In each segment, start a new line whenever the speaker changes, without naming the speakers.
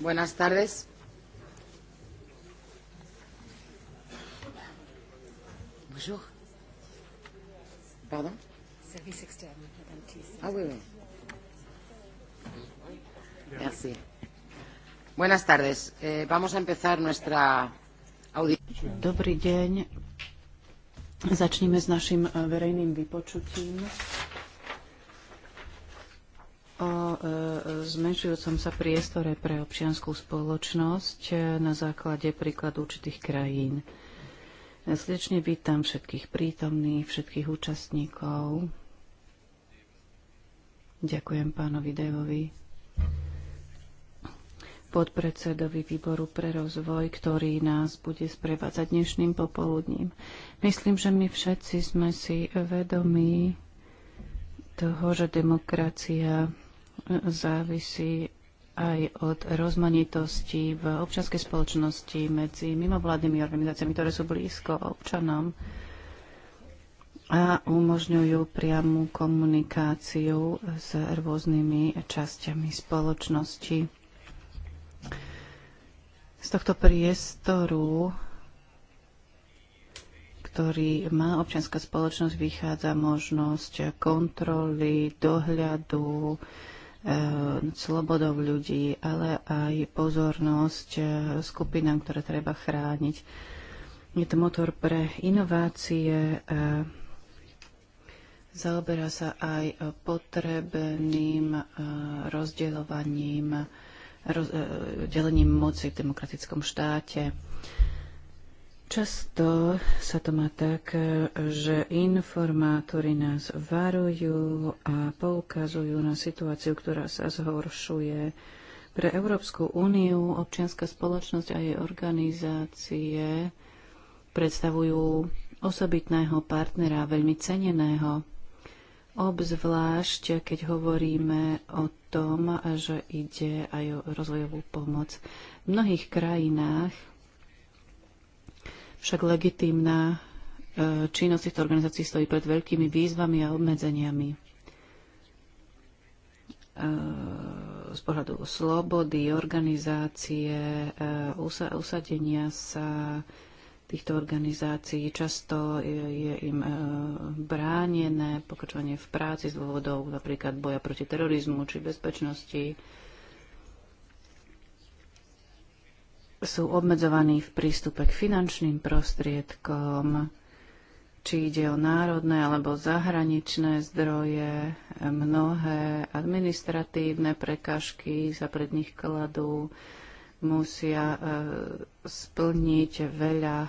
Buenas tardes. Bonjour. Pardon
Service externe, Madame Thyssen. Ah oui, oui.
Merci. Buenas tardes. Eh, vamos a empezar nuestra audición.
Dobrý deň. Začníme s našim eh, verejným vypočutím. zmenšujúcom sa priestore pre občianskú spoločnosť e, na základe príkladu určitých krajín. Srdečne vítam všetkých prítomných, všetkých účastníkov. Ďakujem pánovi Devovi, podpredsedovi výboru pre rozvoj, ktorý nás bude sprevádzať dnešným popoludním. Myslím, že my všetci sme si vedomí toho, že demokracia závisí aj od rozmanitosti v občanskej spoločnosti medzi mimovládnymi organizáciami, ktoré sú blízko občanom a umožňujú priamu komunikáciu s rôznymi časťami spoločnosti. Z tohto priestoru, ktorý má občianská spoločnosť, vychádza možnosť kontroly, dohľadu, Eh, slobodou ľudí, ale aj pozornosť eh, skupinám, ktoré treba chrániť. Je to motor pre inovácie, eh, zaoberá sa aj potrebným rozdeľovaním, roz, delením moci v demokratickom štáte. Často sa to má tak, že informátori nás varujú a poukazujú na situáciu, ktorá sa zhoršuje. Pre Európsku úniu občianská spoločnosť a jej organizácie predstavujú osobitného partnera, veľmi ceneného. Obzvlášť, keď hovoríme o tom, že ide aj o rozvojovú pomoc. V mnohých krajinách však legitímna e, činnosť týchto organizácií stojí pred veľkými výzvami a obmedzeniami e, z pohľadu slobody, organizácie, e, usadenia sa týchto organizácií. Často je im bránené pokračovanie v práci z dôvodov napríklad boja proti terorizmu či bezpečnosti sú obmedzovaní v prístupe k finančným prostriedkom, či ide o národné alebo zahraničné zdroje, mnohé administratívne prekažky sa pred nich kladú, musia e, splniť veľa e,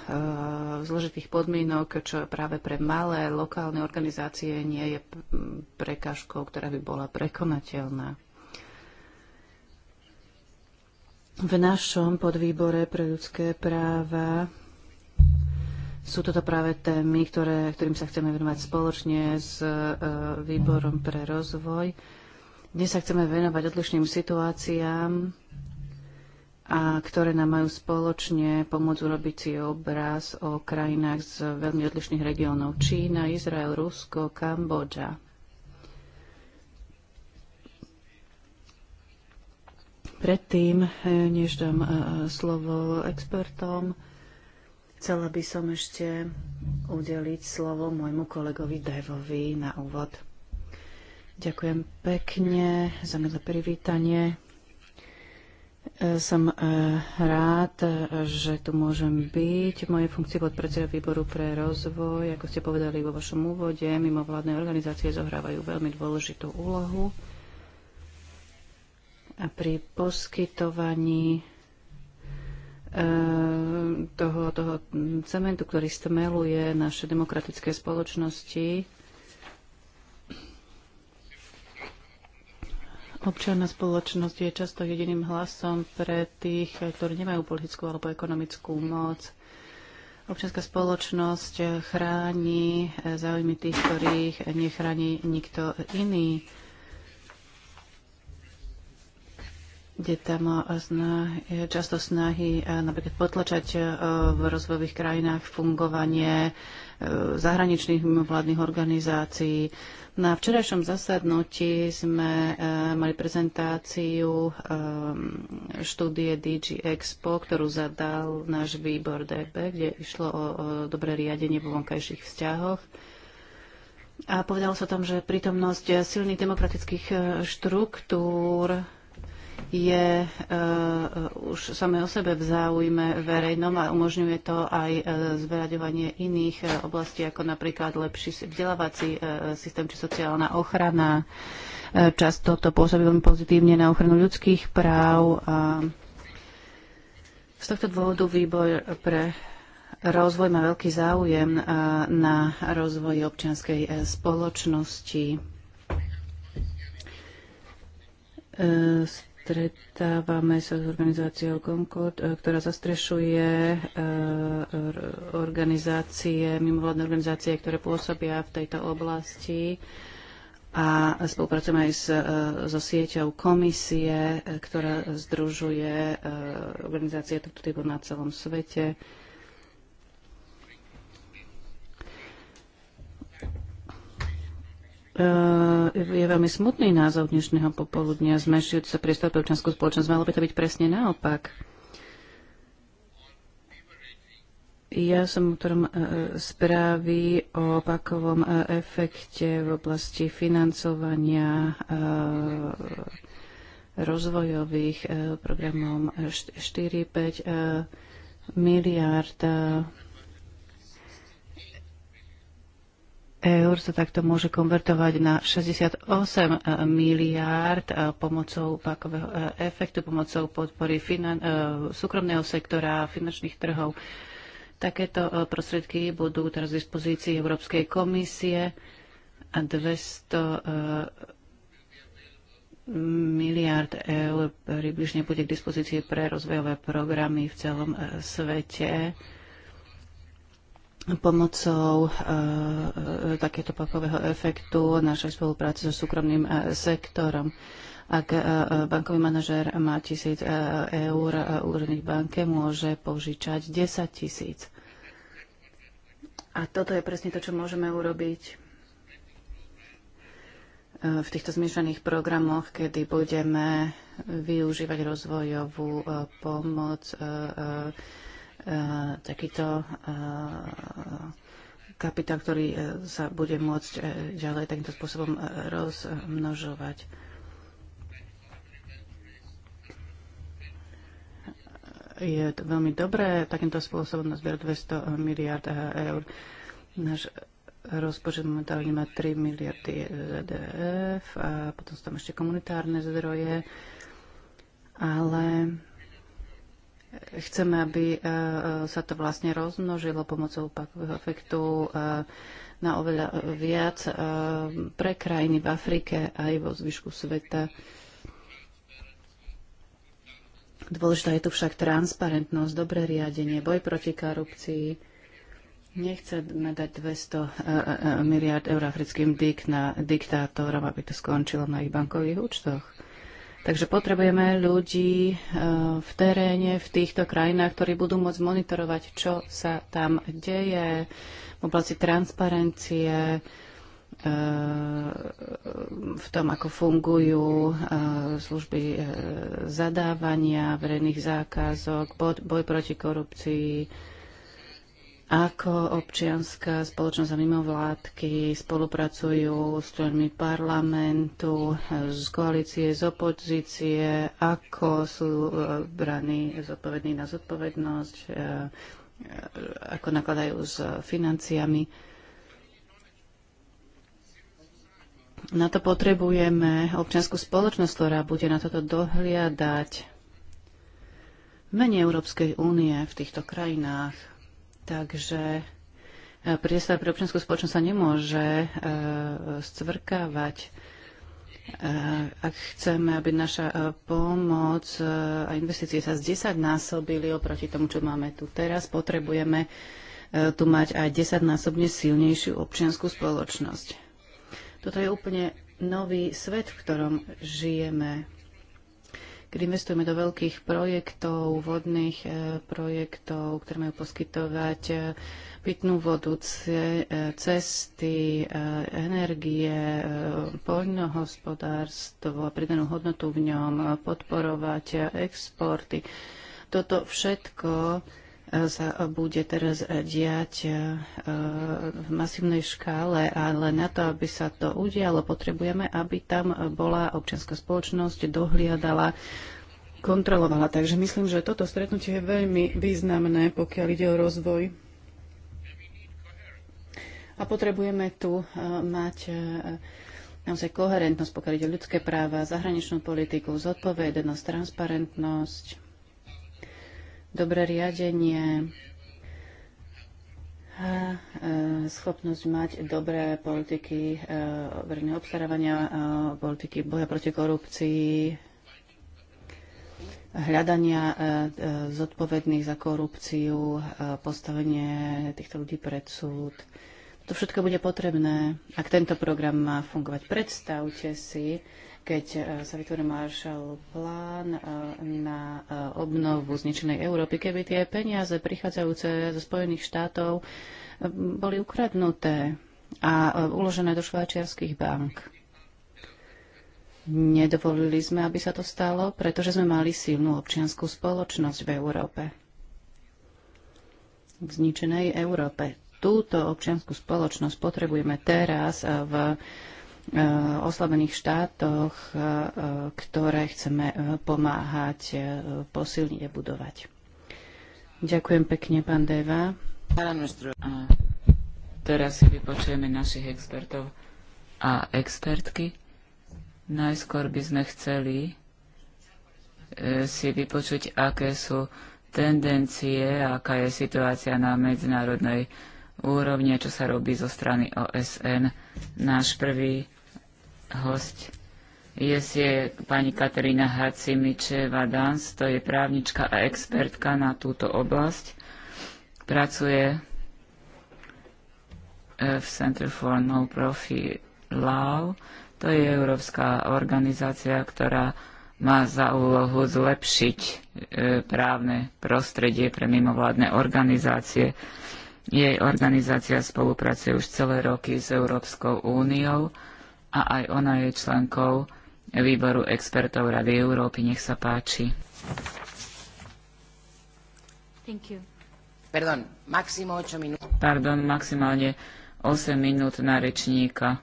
zložitých podmienok, čo práve pre malé lokálne organizácie nie je prekažkou, ktorá by bola prekonateľná. V našom podvýbore pre ľudské práva sú toto práve témy, ktoré, ktorým sa chceme venovať spoločne s e, výborom pre rozvoj. Dnes sa chceme venovať odlišným situáciám, a ktoré nám majú spoločne pomôcť urobiť si obraz o krajinách z veľmi odlišných regiónov. Čína, Izrael, Rusko, Kambodža. Predtým, eh, než dám eh, slovo expertom, chcela by som ešte udeliť slovo môjmu kolegovi Devovi na úvod. Ďakujem pekne za milé privítanie. Eh, som rád, že tu môžem byť. Moje funkcie podpredseda výboru pre rozvoj, ako ste povedali vo vašom úvode, mimovládne organizácie zohrávajú veľmi dôležitú úlohu. A pri poskytovaní e, toho, toho cementu, ktorý stmeluje naše demokratické spoločnosti. Občanná spoločnosť je často jediným hlasom pre tých, ktorí nemajú politickú alebo ekonomickú moc. Občianská spoločnosť chráni záujmy tých, ktorých nechráni nikto iný. kde tam je často snahy eh, napríklad potlačať eh, v rozvojových krajinách fungovanie eh, zahraničných mimovládnych organizácií. Na včerajšom zasadnutí sme mali prezentáciu štúdie DG Expo, ktorú zadal náš výbor DB, kde išlo o dobré riadenie vo vonkajších vzťahoch. A povedalo sa tam, že prítomnosť silných demokratických štruktúr je e, už samé o sebe v záujme verejnom a umožňuje to aj e, zveraďovanie iných e, oblastí, ako napríklad lepší vzdelávací systém či sociálna ochrana. Často to pôsobí veľmi pozitívne na ochranu ľudských práv. A z tohto dôvodu výbor pre rozvoj má veľký záujem na rozvoji občianskej spoločnosti stretávame sa s organizáciou Concord, e, ktorá zastrešuje e, organizácie, mimovládne organizácie, ktoré pôsobia v tejto oblasti a spolupracujeme aj s, e, so sieťou komisie, ktorá združuje organizácie tohto typu na celom svete. E, je veľmi smutný názov dnešného popoludnia, zmenšujúci sa priestor pre občanskú spoločnosť. Malo by to byť presne naopak. Ja som autorom e, správy o opakovom e, efekte v oblasti financovania rozvojových programov 4-5 miliárd eur sa takto môže konvertovať na 68 miliárd eh, pomocou pákového eh, efektu, pomocou podpory finan- eh, súkromného sektora, a finančných trhov. Takéto prostriedky budú teraz v dispozícii Európskej komisie a 200 miliard eur približne bude k dispozícii pre rozvojové programy v celom svete pomocou e, takéto pakového efektu našej spolupráce so súkromným eh, sektorom. Ak bankový manažér má tisíc eur úverných banke, môže požičať 10 tisíc. A toto je presne to, čo môžeme urobiť v týchto zmiešaných programoch, kedy budeme využívať rozvojovú pomoc Eh, takýto eh, kapitál, ktorý eh, sa bude môcť ďalej takýmto spôsobom rozmnožovať. Je to veľmi dobré takýmto spôsobom nazbierať 200 miliard eur. Náš rozpočet momentálne má 3 miliardy ZDF a potom sú tam ešte komunitárne zdroje, ale Chceme, aby e, e, sa to vlastne rozmnožilo pomocou pakového efektu e, na oveľa viac pre krajiny v Afrike aj vo zvyšku sveta. Dôležitá je tu však transparentnosť, dobré riadenie, boj proti korupcii. Nechceme dať 200 miliard eur africkým dik na diktátorom, aby to skončilo na ich bankových účtoch. Takže potrebujeme ľudí eh, v teréne, v týchto krajinách, ktorí budú môcť monitorovať, čo sa tam deje v oblasti transparencie, eh, v tom, ako fungujú eh, služby zadávania verejných zákazok, boj proti korupcii, ako občianská spoločnosť a mimovládky spolupracujú s členmi parlamentu, z koalície, z opozície, ako sú e, braní zodpovední na zodpovednosť, e, e, ako nakladajú s financiami. Na to potrebujeme občianskú spoločnosť, ktorá bude na toto dohliadať menej Európskej únie v týchto krajinách. Takže e, priestor pre občianskú spoločnosť sa nemôže scvrkávať. E, e, ak chceme, aby naša pomoc a investície sa z 10 násobili oproti tomu, čo máme tu teraz, potrebujeme tu mať aj 10-násobne silnejšiu občianskú spoločnosť. Toto je úplne nový svet, v ktorom žijeme keď investujeme do veľkých projektov, vodných e, projektov, ktoré majú poskytovať e, pitnú vodu, e, cesty, energie, poľnohospodárstvo, pridanú hodnotu v ňom, podporovať exporty. Toto všetko sa bude teraz diať e, v masívnej škále, ale na to, aby sa to udialo, potrebujeme, aby tam bola občianská spoločnosť, dohliadala, kontrolovala. Takže myslím, že toto stretnutie je veľmi významné, pokiaľ ide o rozvoj. A potrebujeme tu e, mať e, naozaj koherentnosť, pokiaľ ide o ľudské práva, zahraničnú politiku, zodpovednosť, transparentnosť dobré riadenie a e, schopnosť mať dobré politiky e, verejného obstarávania, e, politiky boja proti korupcii, hľadania zodpovedných za korupciu, postavenie týchto ľudí pred súd. To všetko bude potrebné, ak tento program má fungovať. Predstavte si, keď e, sa vytvoril Marshall plán e, na e, obnovu zničenej Európy, keby tie peniaze prichádzajúce zo Spojených štátov boli ukradnuté a uložené do švajčiarských bank. Nedovolili sme, aby sa to stalo, pretože sme mali silnú občianskú spoločnosť v Európe. V zničenej Európe. Túto občianskú spoločnosť potrebujeme teraz v Eh, oslabených štátoch, eh, ktoré chceme eh, pomáhať posilniť a budovať. Ďakujem pekne, pán Deva.
Teraz si vypočujeme našich expertov a expertky. Najskôr by sme chceli si vypočuť, aké sú tendencie, aká je situácia na medzinárodnej úrovni, čo sa robí zo strany OSN Náš prvý host je si pani Katarína Hacimičeva Dans, to je právnička a expertka na túto oblasť. Pracuje e, v Center for No Profit Law. To je európska organizácia, ktorá má za úlohu zlepšiť e, právne prostredie pre mimovládne organizácie. Jej organizácia spolupracuje už celé roky s Európskou úniou a aj ona je členkou výboru expertov Rady Európy. Nech sa páči. Pardon, Pardon, maximálne 8 minút na rečníka,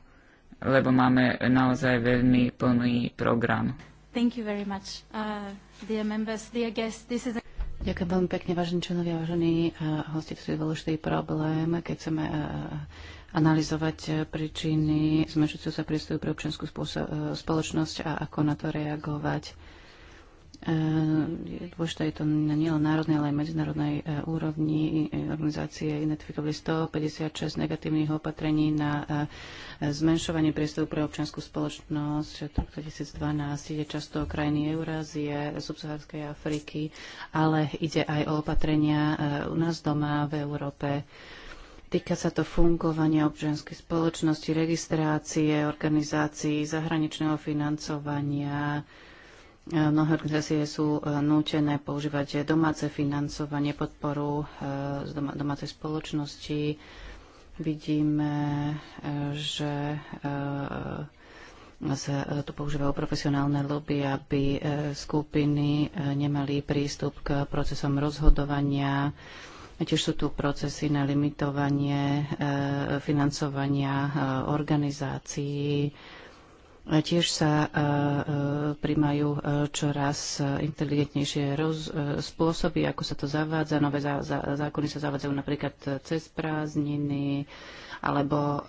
lebo máme naozaj veľmi plný program. Thank you very much, uh, dear members,
dear guests. This is a... Ďakujem veľmi pekne, vážení členovia, vážení eh, hosti. To je dôležitý problém, keď chceme eh, analyzovať eh, príčiny zmenšujúceho sa prístupu pre občianskú spoločnosť a ako na to reagovať. E, dôležité je to na nielen národnej, ale aj medzinárodnej e, úrovni. E, organizácie identifikovali 156 negatívnych opatrení na zmenšovanie priestoru pre občianskú spoločnosť od 2012. Ide často o krajiny Eurázie, subsaharskej Afriky, ale ide aj o opatrenia u nás doma v Európe. Týka sa to fungovania občianskej spoločnosti, registrácie, organizácií, zahraničného financovania, Mnohé organizácie sú e, nútené používať domáce financovanie, podporu e, z domácej spoločnosti. Vidíme, e, že sa tu používajú profesionálne lobby, aby skupiny nemali prístup k procesom rozhodovania. Tiež sú tu procesy na limitovanie financovania organizácií Tiež sa e, e, príjmajú e, čoraz inteligentnejšie roz, spôsoby, ako sa to zavádza. Nové zá, zá, zákony sa zavádzajú napríklad cez prázdniny, alebo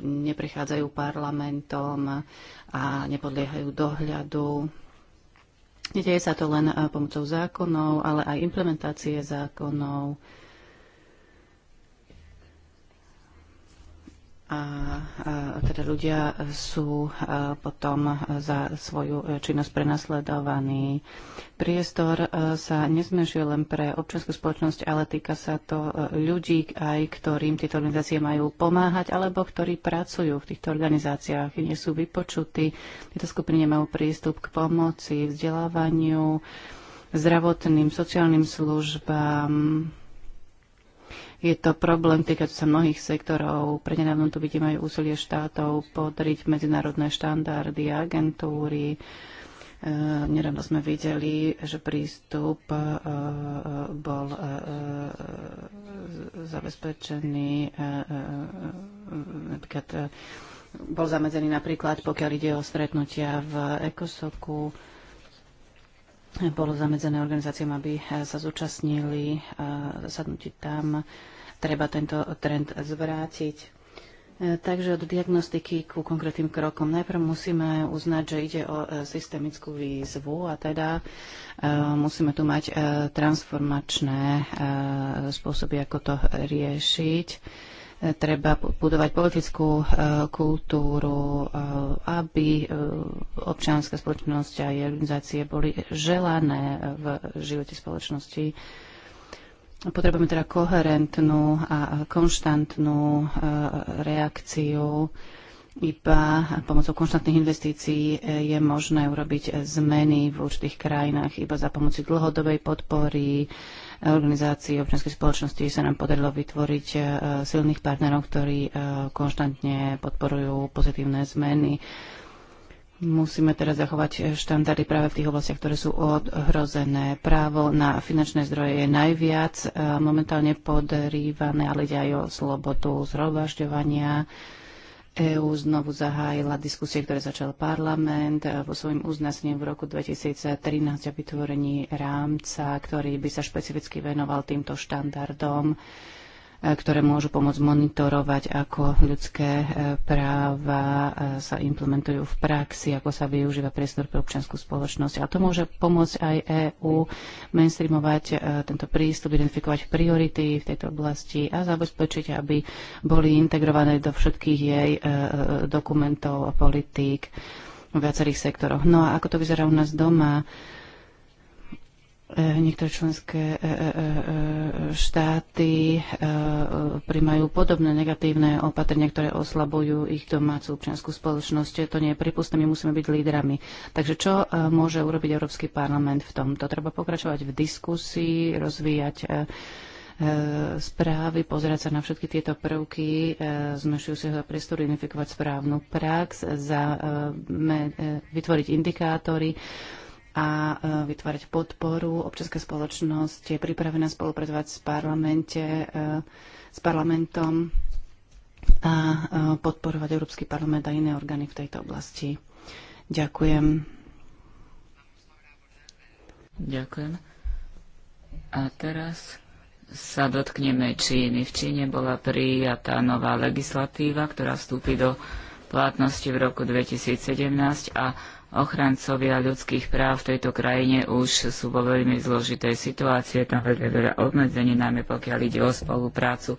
neprechádzajú parlamentom a nepodliehajú dohľadu. Nedieje sa to len pomocou zákonov, ale aj implementácie zákonov a, e, teda ľudia sú e, potom za svoju činnosť prenasledovaní. Priestor e, sa nezmenšuje len pre občianskú spoločnosť, ale týka sa to ľudí, aj ktorým tieto organizácie majú pomáhať, alebo ktorí pracujú v týchto organizáciách, nie sú vypočutí. Tieto skupiny nemajú prístup k pomoci, vzdelávaniu, zdravotným, sociálnym službám, je to problém týkať sa mnohých sektorov. Prednedávno tu vidíme aj úsilie štátov podriť medzinárodné štandardy a agentúry. E, nedávno sme videli, že prístup e, e, bol zabezpečený napríklad bol zamedzený napríklad, pokiaľ ide o stretnutia v E, bolo zamedzené organizáciám, aby eh, sa zúčastnili eh, zasadnutí tam. Treba tento trend zvrátiť. Eh, takže od diagnostiky ku konkrétnym krokom. Najprv musíme uznať, že ide o systemickú výzvu a teda musíme tu mať transformačné spôsoby, ako to riešiť E, treba budovať politickú e, kultúru, e, aby občianská spoločnosť a jej organizácie boli želané v živote spoločnosti. Potrebujeme teda koherentnú a konštantnú reakciu. Iba pomocou konštantných investícií je možné urobiť zmeny v určitých krajinách, iba za pomoci dlhodobej podpory, organizácií občianskej spoločnosti sa nám podarilo vytvoriť e, silných partnerov, ktorí e, konštantne podporujú pozitívne zmeny. Musíme teraz zachovať štandardy práve v tých oblastiach, ktoré sú ohrozené. Právo na finančné zdroje je najviac e, momentálne podrývané, ale ide aj o slobodu zhromažďovania, EÚ znovu zahájila diskusie, ktoré začal parlament e, vo svojom uznesení v roku 2013 o vytvorení rámca, ktorý by sa špecificky venoval týmto štandardom E, ktoré môžu pomôcť monitorovať, ako ľudské e, práva e, sa implementujú v praxi, ako sa využíva priestor pre občianskú spoločnosť. A to môže pomôcť aj EÚ mainstreamovať tento prístup, identifikovať priority v tejto oblasti a zabezpečiť, aby boli integrované do všetkých jej dokumentov a politík v viacerých sektoroch. No a ako to vyzerá u nás doma? E, niektoré členské e, e, štáty primajú podobné negatívne opatrenia, ktoré oslabujú ich domácu občianskú spoločnosť. To nie je pripustné, my musíme byť lídrami. Takže čo môže urobiť Európsky parlament v tomto? Treba pokračovať v diskusii, rozvíjať správy, pozerať sa na všetky tieto prvky za priestor identifikovať správnu prax, za, vytvoriť indikátory, a e, vytvárať podporu. Občianská spoločnosť je pripravená spolupracovať s, parlamente, e, s parlamentom a e, podporovať Európsky parlament a iné orgány v tejto oblasti. Ďakujem.
Ďakujem. A teraz sa dotkneme Číny. V Číne bola prijatá nová legislatíva, ktorá vstúpi do platnosti v roku 2017 a ochrancovia ľudských práv v tejto krajine už sú vo veľmi zložitej situácii. Je tam veľmi veľa obmedzení, najmä pokiaľ ide o spoluprácu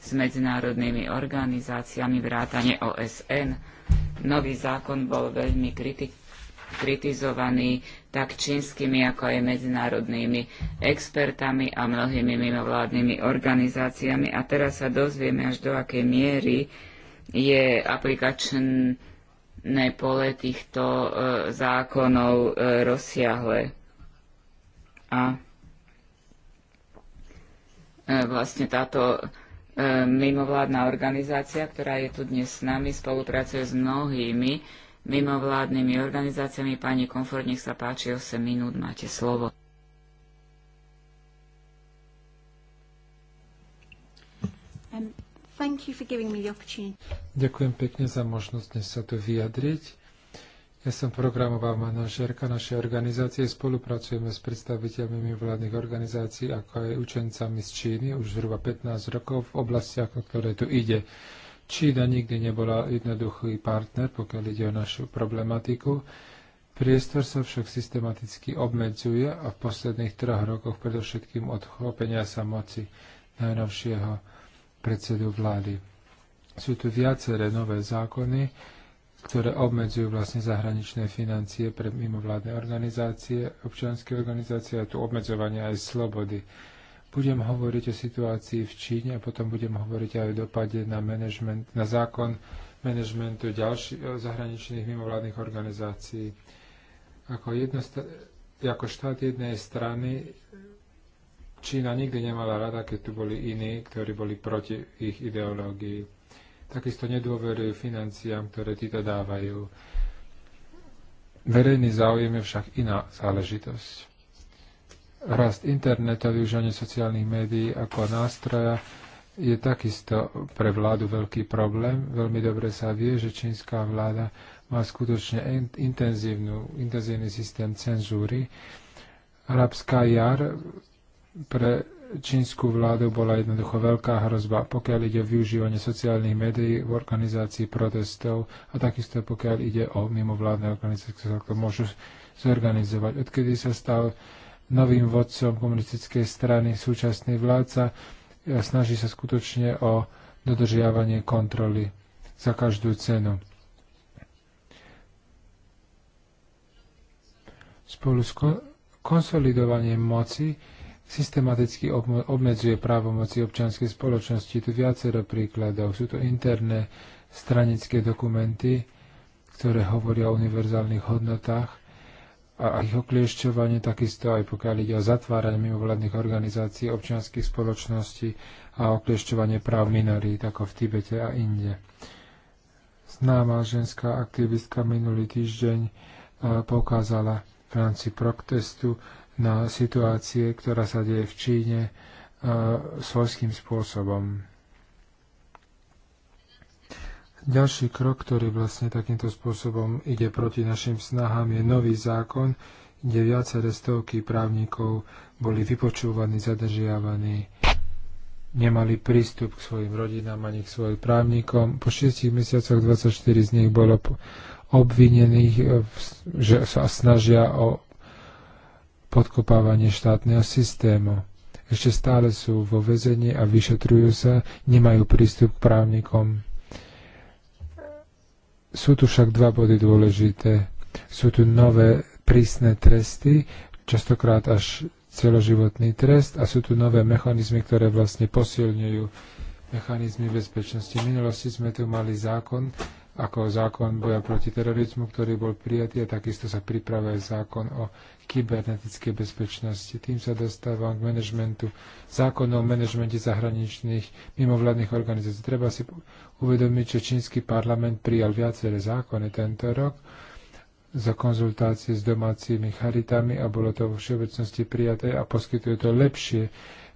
s medzinárodnými organizáciami vrátane OSN. Nový zákon bol veľmi kritik- kritizovaný tak čínskymi, ako aj medzinárodnými expertami a mnohými mimovládnymi organizáciami. A teraz sa dozvieme, až do akej miery je aplikačný pole týchto e, zákonov e, rozsiahle. A e, vlastne táto e, mimovládna organizácia, ktorá je tu dnes s nami, spolupracuje s mnohými mimovládnymi organizáciami. Pani Komfort, nech sa páči, 8 minút máte slovo.
Thank you for giving me the opportunity.
Ďakujem pekne za možnosť dnes sa tu vyjadriť. Ja som programová manažérka našej organizácie. Spolupracujeme s predstaviteľmi vládnych organizácií, ako aj učencami z Číny už zhruba 15 rokov v oblastiach, o ktoré tu ide. Čína nikdy nebola jednoduchý partner, pokiaľ ide o našu problematiku. Priestor sa však systematicky obmedzuje a v posledných troch rokoch predovšetkým odchopenia sa moci najnovšieho predsedu vlády. Sú tu viaceré nové zákony, ktoré obmedzujú vlastne zahraničné financie pre mimovládne organizácie, občianske organizácie a tu obmedzovanie aj slobody. Budem hovoriť o situácii v Číne a potom budem hovoriť aj o dopade na, management, na zákon manažmentu ďalších eh, zahraničných mimovládnych organizácií. Ako, jedno, ako štát jednej strany Čína nikdy nemala rada, keď tu boli iní, ktorí boli proti ich ideológii. Takisto nedôverujú financiám, ktoré títo dávajú. Verejný záujem je však iná záležitosť. Rast internetu a využívanie sociálnych médií ako nástroja je takisto pre vládu veľký problém. Veľmi dobre sa vie, že čínska vláda má skutočne intenzívny systém cenzúry. Arabská jar pre čínsku vládu bola jednoducho veľká hrozba, pokiaľ ide o využívanie sociálnych médií v organizácii protestov a takisto pokiaľ ide o mimovládne organizácie, ktoré to môžu zorganizovať. Odkedy sa stal novým vodcom komunistickej strany súčasný vládca, e, snaží sa skutočne o dodržiavanie kontroly za každú cenu. Spolu s konsolidovaním moci systematicky obmedzuje právomoci občianskej spoločnosti. Tu viacero príkladov. Sú to interné stranické dokumenty, ktoré hovoria o univerzálnych hodnotách a ich okliešťovanie, takisto aj pokiaľ ide o zatváranie mimovládnych organizácií, občianských spoločností a okliešťovanie práv minorít, ako v Tibete a inde. Známa ženská aktivistka minulý týždeň e, poukázala v rámci protestu na situácie, ktorá sa deje v Číne uh, svojským spôsobom. Ďalší krok, ktorý vlastne takýmto spôsobom ide proti našim snahám, je nový zákon, kde viaceré stovky právnikov boli vypočúvaní, zadržiavaní, nemali prístup k svojim rodinám ani k svojim právnikom. Po šiestich mesiacoch 24 z nich bolo obvinených, e, že sa snažia o podkopávanie štátneho systému. Ešte stále sú vo vezení a vyšetrujú sa, nemajú prístup k právnikom. Sú tu však dva body dôležité. Sú tu nové prísne tresty, častokrát až celoživotný trest a sú tu nové mechanizmy, ktoré vlastne posilňujú mechanizmy bezpečnosti. V minulosti sme tu mali zákon, ako zákon boja proti terorizmu, ktorý bol prijatý a takisto sa pripravuje zákon o kybernetickej bezpečnosti. Tým sa dostávam k manažmentu, zákonu o manažmente zahraničných mimovládnych organizácií. Treba si uvedomiť, že čínsky parlament prijal viaceré zákony tento rok za konzultácie s domácimi charitami a bolo to vo všeobecnosti prijaté a poskytuje to lepšie eh,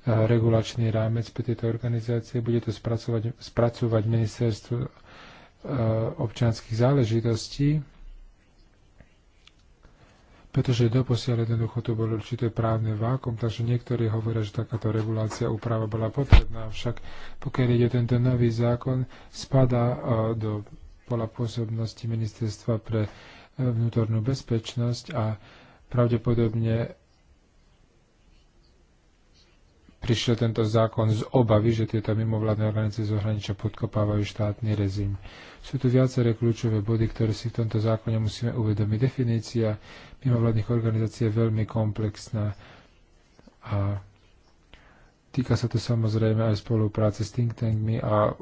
regulačný rámec pre tieto organizácie. Bude to spracovať, spracovať ministerstvo Eh, občanských záležitostí, pretože doposiaľ jednoducho to bolo určité právne vákum, takže niektorí hovoria, že takáto regulácia úprava bola potrebná, avšak pokiaľ ide tento nový zákon, spadá eh, do pola pôsobnosti Ministerstva pre eh, vnútornú bezpečnosť a pravdepodobne prišiel tento zákon z obavy, že tieto mimovládne organizácie zahraničia podkopávajú štátny rezim. Sú tu viaceré kľúčové body, ktoré si v tomto zákone musíme uvedomiť. Definícia mimovládnych organizácií je veľmi komplexná a týka sa to samozrejme aj spolupráce s think tankmi a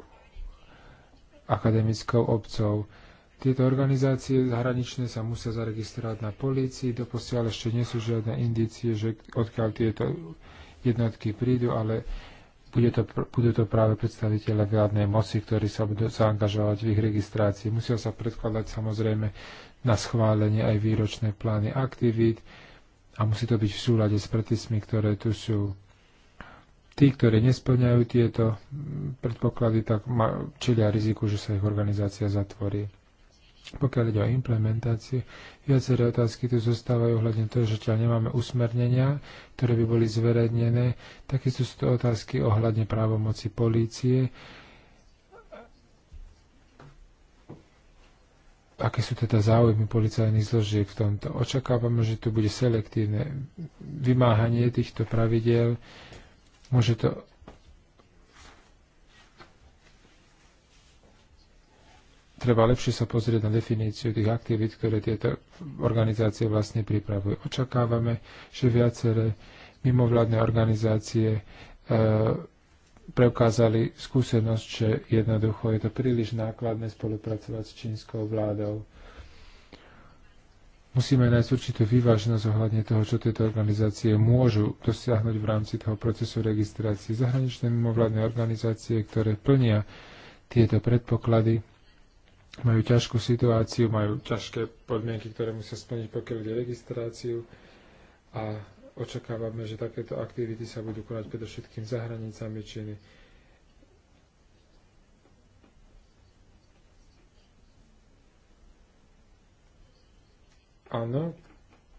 akademickou obcov. Tieto organizácie zahraničné sa musia zaregistrovať na polícii, doposiaľ ešte nie sú žiadne indície, že odkiaľ tieto jednotky prídu, ale bude to, budú to práve predstaviteľe vládnej moci, ktorí sa budú zaangažovať v ich registrácii. Musia sa predkladať samozrejme na schválenie aj výročné plány aktivít a musí to byť v súlade s predpismi, ktoré tu sú. Tí, ktorí nesplňajú tieto predpoklady, tak čelia riziku, že sa ich organizácia zatvorí. Pokiaľ ide o implementáciu, viaceré otázky tu zostávajú ohľadne toho, že ťaľ nemáme usmernenia, ktoré by boli zverejnené. Takisto sú to otázky ohľadne právomoci polície, aké sú teda záujmy policajných zložiek v tomto. Očakávame, že tu bude selektívne vymáhanie týchto pravidel. Môže to treba lepšie sa pozrieť na definíciu tých aktivít, ktoré tieto organizácie vlastne pripravujú. Očakávame, že viaceré mimovládne organizácie e, preukázali skúsenosť, že jednoducho je to príliš nákladné spolupracovať s čínskou vládou. Musíme nájsť určitú vyváženosť ohľadne toho, čo tieto organizácie môžu dosiahnuť v rámci toho procesu registrácie. Zahraničné mimovládne organizácie, ktoré plnia tieto predpoklady, majú ťažkú situáciu, majú ťažké podmienky, ktoré musia splniť, pokiaľ ide registráciu a očakávame, že takéto aktivity sa budú konať predovšetkým za hranicami Číny. Áno,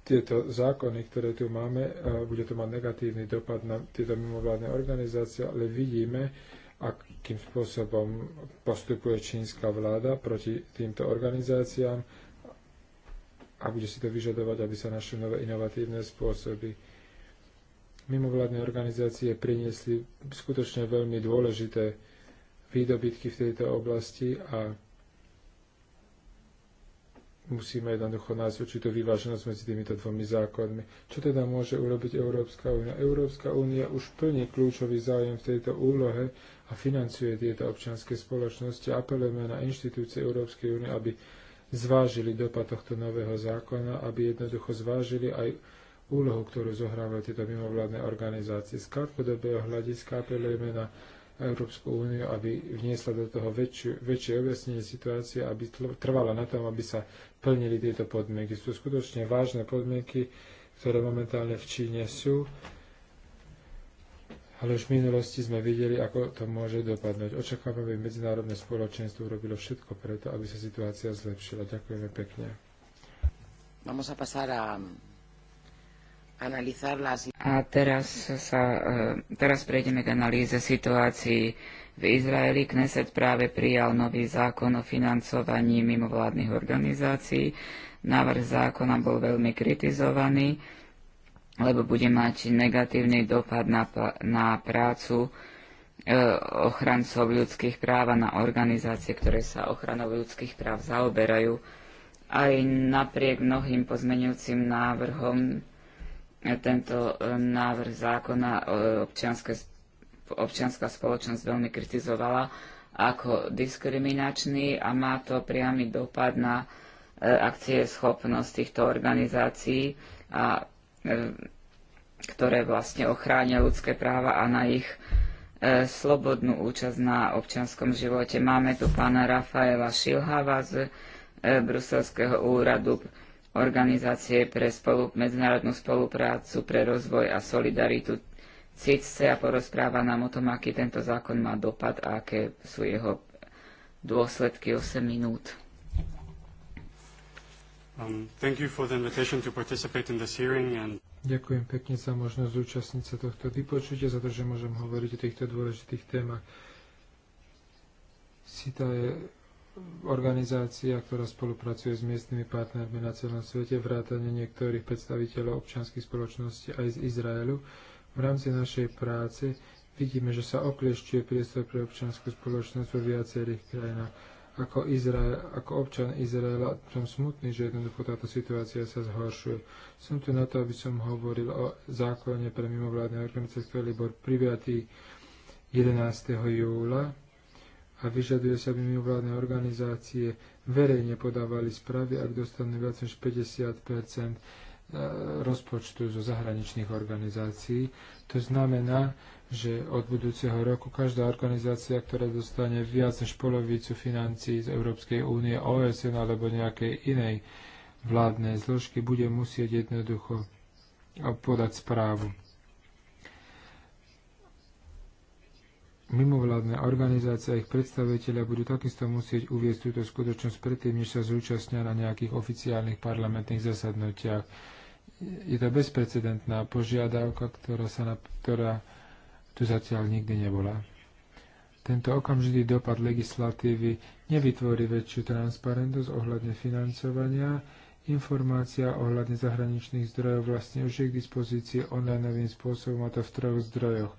tieto zákony, ktoré tu máme, eh, bude to mať negatívny dopad na tieto mimovládne organizácie, ale vidíme, akým spôsobom postupuje čínska vláda proti týmto organizáciám a bude si to vyžadovať, aby sa našli nové inovatívne spôsoby. Mimovládne organizácie priniesli skutočne veľmi dôležité výdobytky v tejto oblasti a musíme jednoducho nájsť určitú vyváženosť medzi týmito dvomi zákonmi. Čo teda môže urobiť Európska únia? Európska únia už plní kľúčový záujem v tejto úlohe a financuje tieto občianske spoločnosti. Apelujeme na inštitúcie Európskej únie, aby zvážili dopad tohto nového zákona, aby jednoducho zvážili aj úlohu, ktorú zohrávajú tieto mimovládne organizácie. Z krátkodobého hľadiska apelujeme na Európsku úniu, aby vniesla do toho väčšiu, väčšie objasnenie situácie, aby trvala na tom, aby sa plnili tieto podmienky. Sú skutočne vážne podmienky, ktoré momentálne v Číne sú ale už v minulosti sme videli, ako to môže dopadnúť. Očakávame, aby medzinárodné spoločenstvo urobilo všetko preto, aby sa situácia zlepšila. Ďakujeme pekne.
Vamos a pasar a um, A teraz, sa, eh, teraz prejdeme k analýze situácii v Izraeli. Kneset práve prijal nový zákon o financovaní mimovládnych organizácií. Návrh zákona bol veľmi kritizovaný lebo bude mať negatívny dopad na, na prácu e, ochrancov ľudských práv a na organizácie, ktoré sa ochranou ľudských práv zaoberajú. Aj napriek mnohým pozmenujúcim návrhom e, tento e, návrh zákona e, občianske, občianská spoločnosť veľmi kritizovala ako diskriminačný a má to priamy dopad na akcie schopnosť týchto organizácií a E, ktoré vlastne ochránia ľudské práva a na ich e, slobodnú účasť na občianskom živote. Máme tu pána Rafaela Šilhava z e, Bruselského úradu Organizácie pre spolu, medzinárodnú spoluprácu pre rozvoj a solidaritu CITSE a porozpráva nám o tom, aký tento zákon má dopad a aké sú jeho dôsledky 8 minút.
Um, Ďakujem pekne za možnosť zúčastniť sa tohto vypočutia, za to, že môžem hovoriť o týchto dôležitých témach. SITA je organizácia, ktorá spolupracuje s miestnymi partnermi na celom svete, vrátane niektorých predstaviteľov občianských spoločností aj z Izraelu. V rámci našej práce vidíme, že sa okliešťuje priestor pre občianskú spoločnosť vo viacerých krajinách ako, Izrael, ako občan Izraela som smutný, že jednoducho táto situácia sa zhoršuje. Som tu na to, aby som hovoril o zákone pre mimovládne organizácie, ktorý bol priviatý 11. júla a vyžaduje sa, aby mimovládne organizácie verejne podávali správy, ak dostanú viac než 50 e, rozpočtu zo zahraničných organizácií. To znamená, že od budúceho roku každá organizácia, ktorá dostane viac než polovicu financií z Európskej únie, OSN alebo nejakej inej vládnej zložky, bude musieť jednoducho podať správu. Mimovládne organizácie a ich predstaviteľia budú takisto musieť uviezť túto skutočnosť predtým, než sa zúčastnia na nejakých oficiálnych parlamentných zasadnutiach. Je to bezprecedentná požiadavka, ktorá sa na, ktorá tu zatiaľ nikdy nebola. Tento okamžitý dopad legislatívy nevytvorí väčšiu transparentnosť ohľadne financovania, Informácia ohľadne zahraničných zdrojov vlastne už je k dispozícii onlineovým spôsobom a to v troch zdrojoch.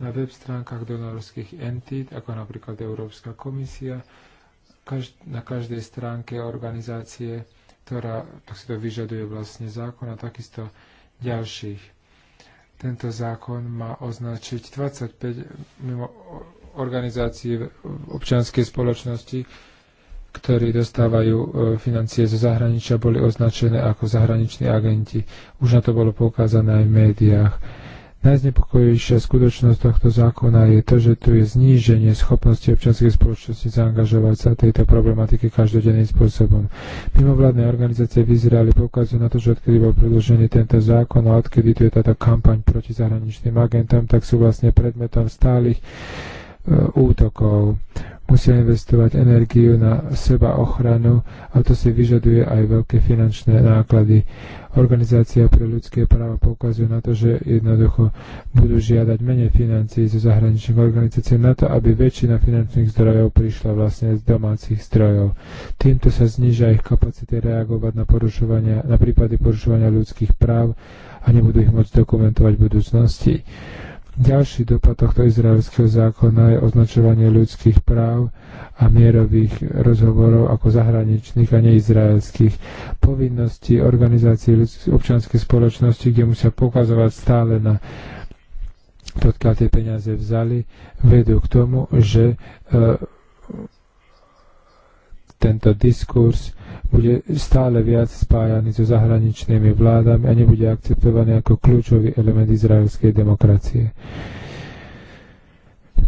Na web stránkach donorských entít, ako napríklad Európska komisia, každ- na každej stránke organizácie, ktorá tak si to vyžaduje vlastne zákon a takisto ďalších. Tento zákon má označiť 25 mimo organizácií občianskej spoločnosti, ktorí dostávajú e, financie zo zahraničia, boli označené ako zahraniční agenti. Už na to bolo poukázané aj v médiách Najznepokojivejšia skutočnosť tohto zákona je to, že tu je zníženie schopnosti občianskej spoločnosti zaangažovať sa tejto problematiky každodenným spôsobom. Mimovládne organizácie v Izraeli poukazujú na to, že odkedy bol predložený tento zákon a odkedy tu je táto kampaň proti zahraničným agentom, tak sú vlastne predmetom stálych e, útokov. Musia investovať energiu na seba ochranu a to si vyžaduje aj veľké finančné náklady. Organizácia pre ľudské práva poukazuje na to, že jednoducho budú žiadať menej financií zo zahraničných organizácií na to, aby väčšina finančných zdrojov prišla vlastne z domácich zdrojov. Týmto sa znižia ich kapacity reagovať na, porušovania, na prípady porušovania ľudských práv a nebudú ich môcť dokumentovať v budúcnosti. Ďalší dopad tohto izraelského zákona je označovanie ľudských práv a mierových rozhovorov ako zahraničných a neizraelských povinností organizácií občianskej spoločnosti, kde musia pokazovať stále na odkiaľ tie peniaze vzali, vedú k tomu, že e, tento diskurs bude stále viac spájaný so zahraničnými vládami a nebude akceptovaný ako kľúčový element izraelskej demokracie.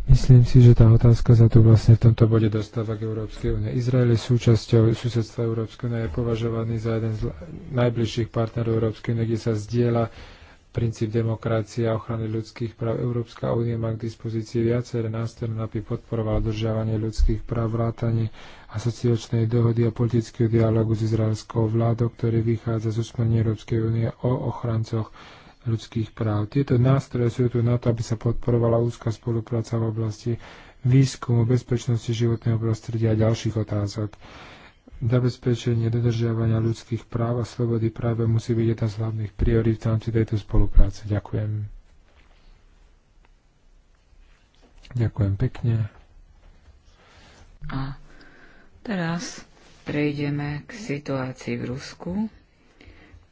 Myslím si, že tá otázka sa tu vlastne v tomto bode dostáva k Európskej únie. Izrael je súčasťou susedstva Európskej únie, je považovaný za jeden z najbližších partnerov Európskej únie, kde sa zdieľa princíp demokracie a ochrany ľudských práv. Európska únia má k dispozícii viaceré nástroje, aby podporovala dodržiavanie ľudských práv, vrátanie asociačnej dohody a politického dialogu s izraelskou vládou, ktorý vychádza z usmernenia Európskej únie o ochrancoch ľudských práv. Tieto nástroje sú tu na to, aby sa podporovala úzka spolupráca v oblasti výskumu, bezpečnosti životného prostredia a ďalších otázok. Zabezpečenie dodržiavania ľudských práv a slobody práve musí byť jedna z hlavných priorít v rámci tejto spolupráce. Ďakujem. Ďakujem pekne.
A teraz prejdeme k situácii v Rusku.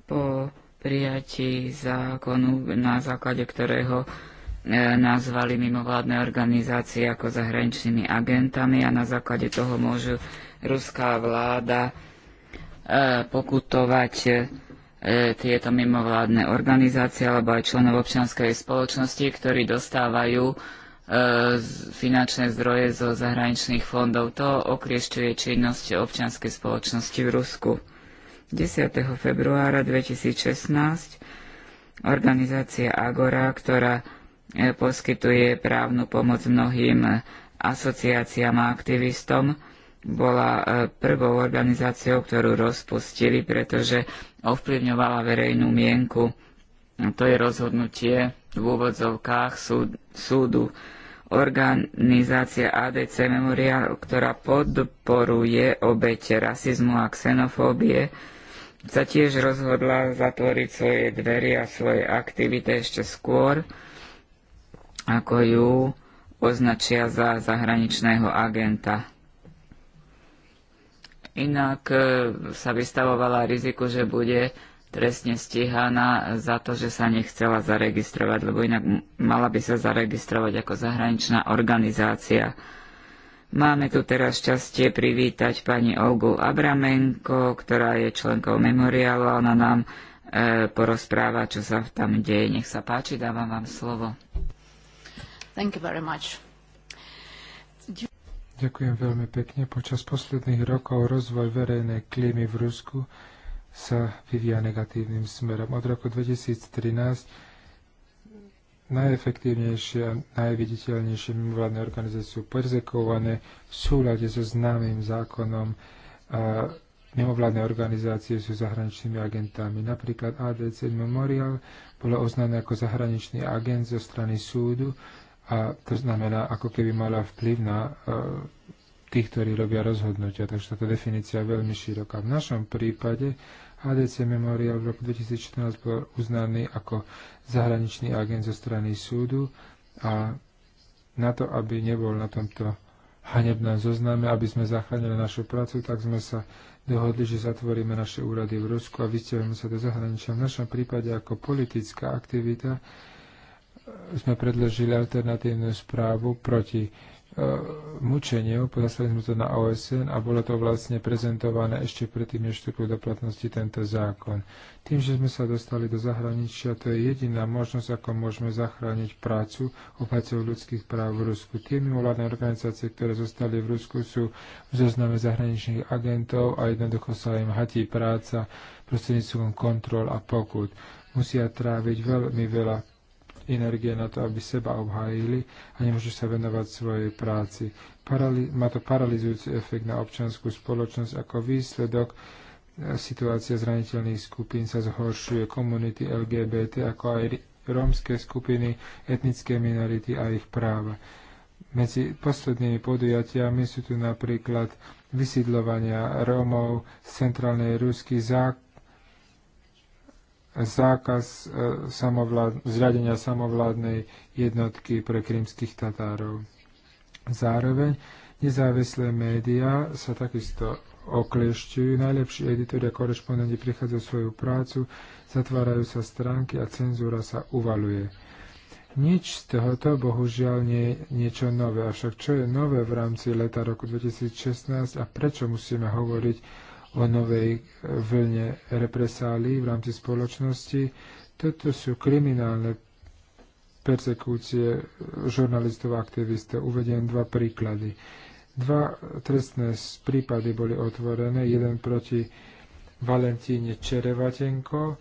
Po prijatí zákonu, na základe ktorého e, nazvali mimovládne organizácie ako zahraničnými agentami a na základe toho môžu ruská vláda e, pokutovať e, tieto mimovládne organizácie alebo aj členov občianskej spoločnosti, ktorí dostávajú e, finančné zdroje zo zahraničných fondov. To okriešťuje činnosť občianskej spoločnosti v Rusku. 10. februára 2016 organizácia Agora, ktorá poskytuje právnu pomoc mnohým asociáciám a aktivistom, bola e, prvou organizáciou, ktorú rozpustili, pretože ovplyvňovala verejnú mienku. To je rozhodnutie v úvodzovkách súd, súdu. Organizácia ADC Memorial, ktorá podporuje obete rasizmu a xenofóbie, sa tiež rozhodla zatvoriť svoje dvere a svoje aktivity ešte skôr, ako ju označia za zahraničného agenta inak e, sa vystavovala riziku, že bude trestne stíhaná za to, že sa nechcela zaregistrovať, lebo inak mala by sa zaregistrovať ako zahraničná organizácia. Máme tu teraz šťastie privítať pani Olgu Abramenko, ktorá je členkou memoriálu a ona nám e, porozpráva, čo sa tam deje. Nech sa páči, dávam vám slovo.
Thank you very much.
Ďakujem veľmi pekne. Počas posledných rokov rozvoj verejnej klímy v Rusku sa vyvíja negatívnym smerom. Od roku 2013 najefektívnejšie a najviditeľnejšie mimovládne organizácie sú perzekované v súlade so známym zákonom a mimovládne organizácie sú zahraničnými agentami. Napríklad ADC Memorial bolo oznané ako zahraničný agent zo strany súdu a to znamená, ako keby mala vplyv na e, tých, ktorí robia rozhodnutia. Takže táto definícia je veľmi široká. V našom prípade HDC Memorial v roku 2014 bol uznaný ako zahraničný agent zo strany súdu a na to, aby nebol na tomto hanebnom zozname, aby sme zachránili našu prácu, tak sme sa dohodli, že zatvoríme naše úrady v Rusku a vysťahujeme sa do zahraničia. V našom prípade ako politická aktivita sme predložili alternatívnu správu proti e, mučeniu, pozastavili sme to na OSN a bolo to vlastne prezentované ešte predtým, než vstúpil do platnosti tento zákon. Tým, že sme sa dostali do zahraničia, to je jediná možnosť, ako môžeme zachrániť prácu obhajcov ľudských práv v Rusku. Tie mimovládne organizácie, ktoré zostali v Rusku, sú v zozname zahraničných agentov a jednoducho sa im hatí práca prostredníctvom kontrol a pokut. Musia tráviť veľmi veľa energie na to, aby seba obhájili a nemôžu sa venovať svojej práci. Parali- má to paralizujúci efekt na občanskú spoločnosť ako výsledok e, situácia zraniteľných skupín sa zhoršuje, komunity LGBT, ako aj rómske skupiny, etnické minority a ich práva. Medzi poslednými podujatiami sú tu napríklad vysídlovania Rómov z centrálnej Rusky, zák- zákaz e, samovlád- zriadenia samovládnej jednotky pre krymských Tatárov. Zároveň nezávislé médiá sa takisto okliešťujú, najlepší editori a korešpondenti prichádzajú svoju prácu, zatvárajú sa stránky a cenzúra sa uvaluje. Nič z tohoto bohužiaľ nie je niečo nové, avšak čo je nové v rámci leta roku 2016 a prečo musíme hovoriť o novej vlne represálií v rámci spoločnosti. Toto sú kriminálne persekúcie žurnalistov a aktivistov. Uvediem dva príklady. Dva trestné prípady boli otvorené. Jeden proti Valentíne Čerevatenko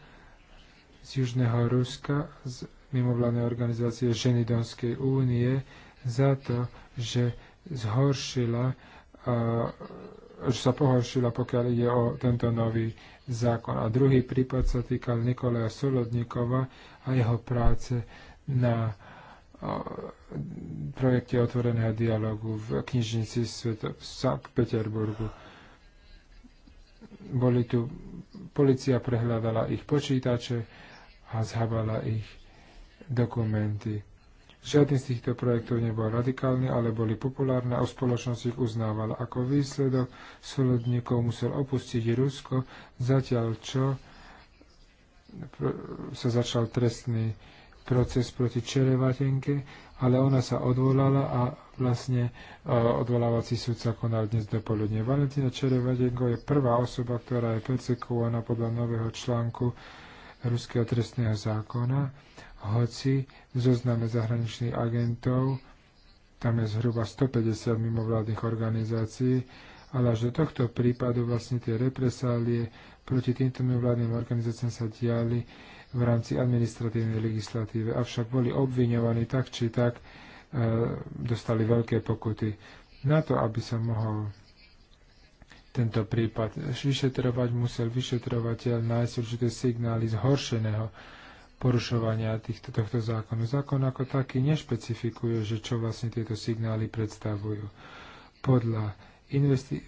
z Južného Ruska, z mimovládnej organizácie Ženy Donskej únie, za to, že zhoršila uh, že sa pohoršila, pokiaľ ide o tento nový zákon. A druhý prípad sa týkal Nikolaja Solodníkova a jeho práce na projekte otvoreného dialogu v knižnici Sveto, v Sankt Peterburgu. Boli tu, policia prehľadala ich počítače a zhabala ich dokumenty. Žiadny z týchto projektov nebol radikálny, ale boli populárne a spoločnosť ich uznávala. Ako výsledok solodníkov musel opustiť Rusko, zatiaľ čo sa začal trestný proces proti Čerevatenke, ale ona sa odvolala a vlastne e, odvolávací súd sa konal dnes do poludne. Valentina Čerevatenko je prvá osoba, ktorá je persekuovaná podľa nového článku ruského trestného zákona hoci v zozname zahraničných agentov tam je zhruba 150 mimovládnych organizácií, ale až do tohto prípadu vlastne tie represálie proti týmto mimovládnym organizáciám sa diali v rámci administratívnej legislatíve, avšak boli obviňovaní tak či tak, e, dostali veľké pokuty. Na to, aby sa mohol tento prípad vyšetrovať, musel vyšetrovateľ nájsť určité signály zhoršeného porušovania týchto, tohto zákonu. Zákon ako taký nešpecifikuje, že čo vlastne tieto signály predstavujú. Podľa investi-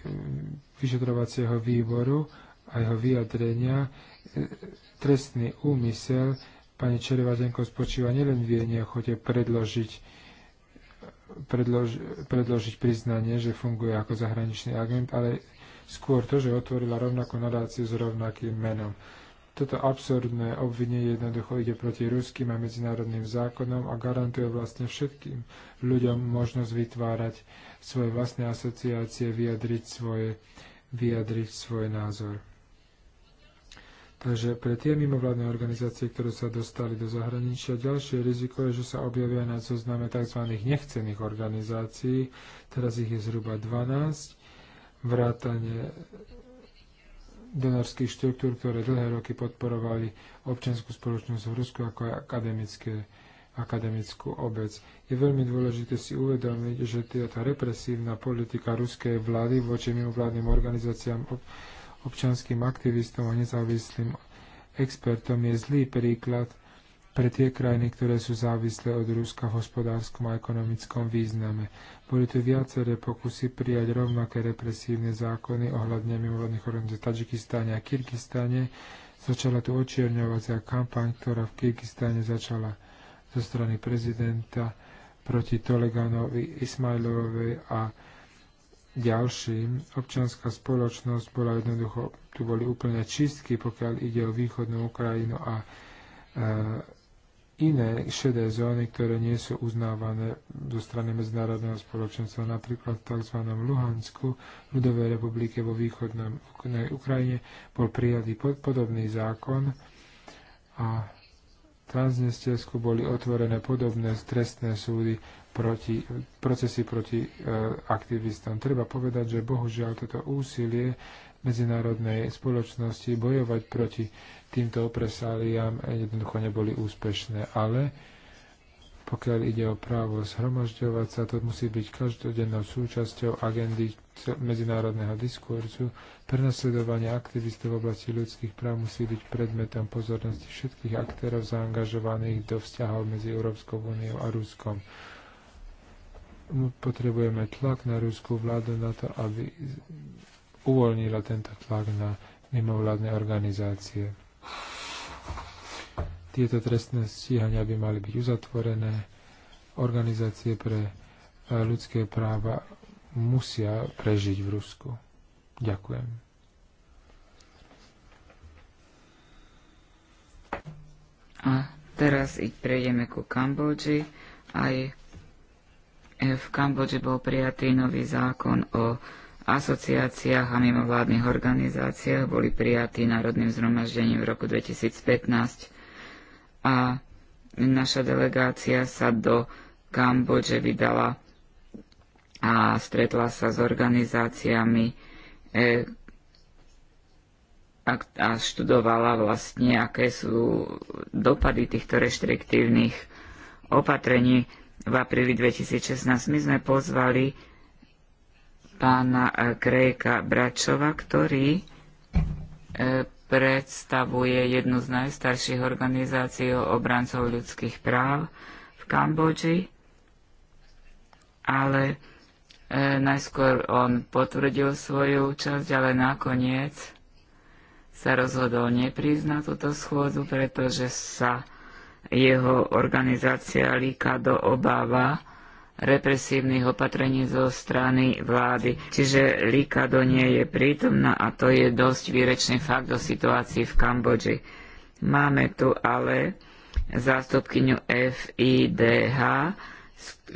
vyšetrovacieho výboru a jeho vyjadrenia e, trestný úmysel pani Červatenko spočíva nielen v jej neochote predložiť predlož, predložiť priznanie, že funguje ako zahraničný agent, ale skôr to, že otvorila rovnakú nadáciu s rovnakým menom. Toto absurdné obvinenie jednoducho ide proti ruským a medzinárodným zákonom a garantuje vlastne všetkým ľuďom možnosť vytvárať svoje vlastné asociácie, vyjadriť, svoje, vyjadriť svoj názor. Takže pre tie mimovládne organizácie, ktoré sa dostali do zahraničia, ďalšie riziko je, že sa objavia na zozname tzv. nechcených organizácií. Teraz ich je zhruba 12. Vrátane donorských štruktúr, ktoré dlhé roky podporovali občianskú spoločnosť v Rusku ako aj akademické, akademickú obec. Je veľmi dôležité si uvedomiť, že tá represívna politika ruskej vlády voči mimovládnym organizáciám, občanským aktivistom a nezávislým expertom je zlý príklad pre tie krajiny, ktoré sú závislé od Ruska v hospodárskom a ekonomickom význame. Boli tu viaceré pokusy prijať rovnaké represívne zákony ohľadne mimovodných organizácií v Tadžikistáne a Kyrgyzstane. Začala tu očierňovacia kampaň, ktorá v Kyrgyzstane začala zo strany prezidenta proti Toleganovi, Ismailovej a ďalším. Občianská spoločnosť bola jednoducho, tu boli úplne čistky, pokiaľ ide o východnú Ukrajinu a e, iné šedé zóny, ktoré nie sú uznávané zo strany medzinárodného spoločenstva, napríklad v tzv. Luhansku, ľudovej republike vo východnej Ukrajine, bol prijatý podobný zákon a v Transnestiesku boli otvorené podobné trestné súdy proti, procesy proti e, aktivistom. Treba povedať, že bohužiaľ toto úsilie medzinárodnej spoločnosti bojovať proti týmto opresáliám jednoducho neboli úspešné. Ale pokiaľ ide o právo zhromažďovať sa, to musí byť každodennou súčasťou agendy medzinárodného diskurzu. Prenasledovanie aktivistov v oblasti ľudských práv musí byť predmetom pozornosti všetkých aktérov zaangažovaných do vzťahov medzi Európskou úniou a Ruskom. Potrebujeme tlak na ruskú vládu na to, aby uvoľnila tento tlak na mimovládne organizácie. Tieto trestné stíhania by mali byť uzatvorené. Organizácie pre e, ľudské práva musia prežiť v Rusku. Ďakujem.
A teraz i prejdeme ku Kambodži. Aj v Kambodži bol prijatý nový zákon o asociáciách a mimovládnych organizáciách boli prijatí Národným zhromaždením v roku 2015 a naša delegácia sa do Kambodže vydala a stretla sa s organizáciami e, a, a študovala vlastne, aké sú dopady týchto reštriktívnych opatrení. V apríli 2016 my sme pozvali pána e, Gréka Bračova, ktorý e, predstavuje jednu z najstarších organizácií obrancov ľudských práv v Kambodži, ale e, najskôr on potvrdil svoju účasť, ale nakoniec sa rozhodol nepriznať túto schôdzu, pretože sa jeho organizácia Likado obáva, represívnych opatrení zo strany vlády. Čiže Lika do nie je prítomná a to je dosť výrečný fakt o situácii v Kambodži. Máme tu ale zástupkyňu FIDH,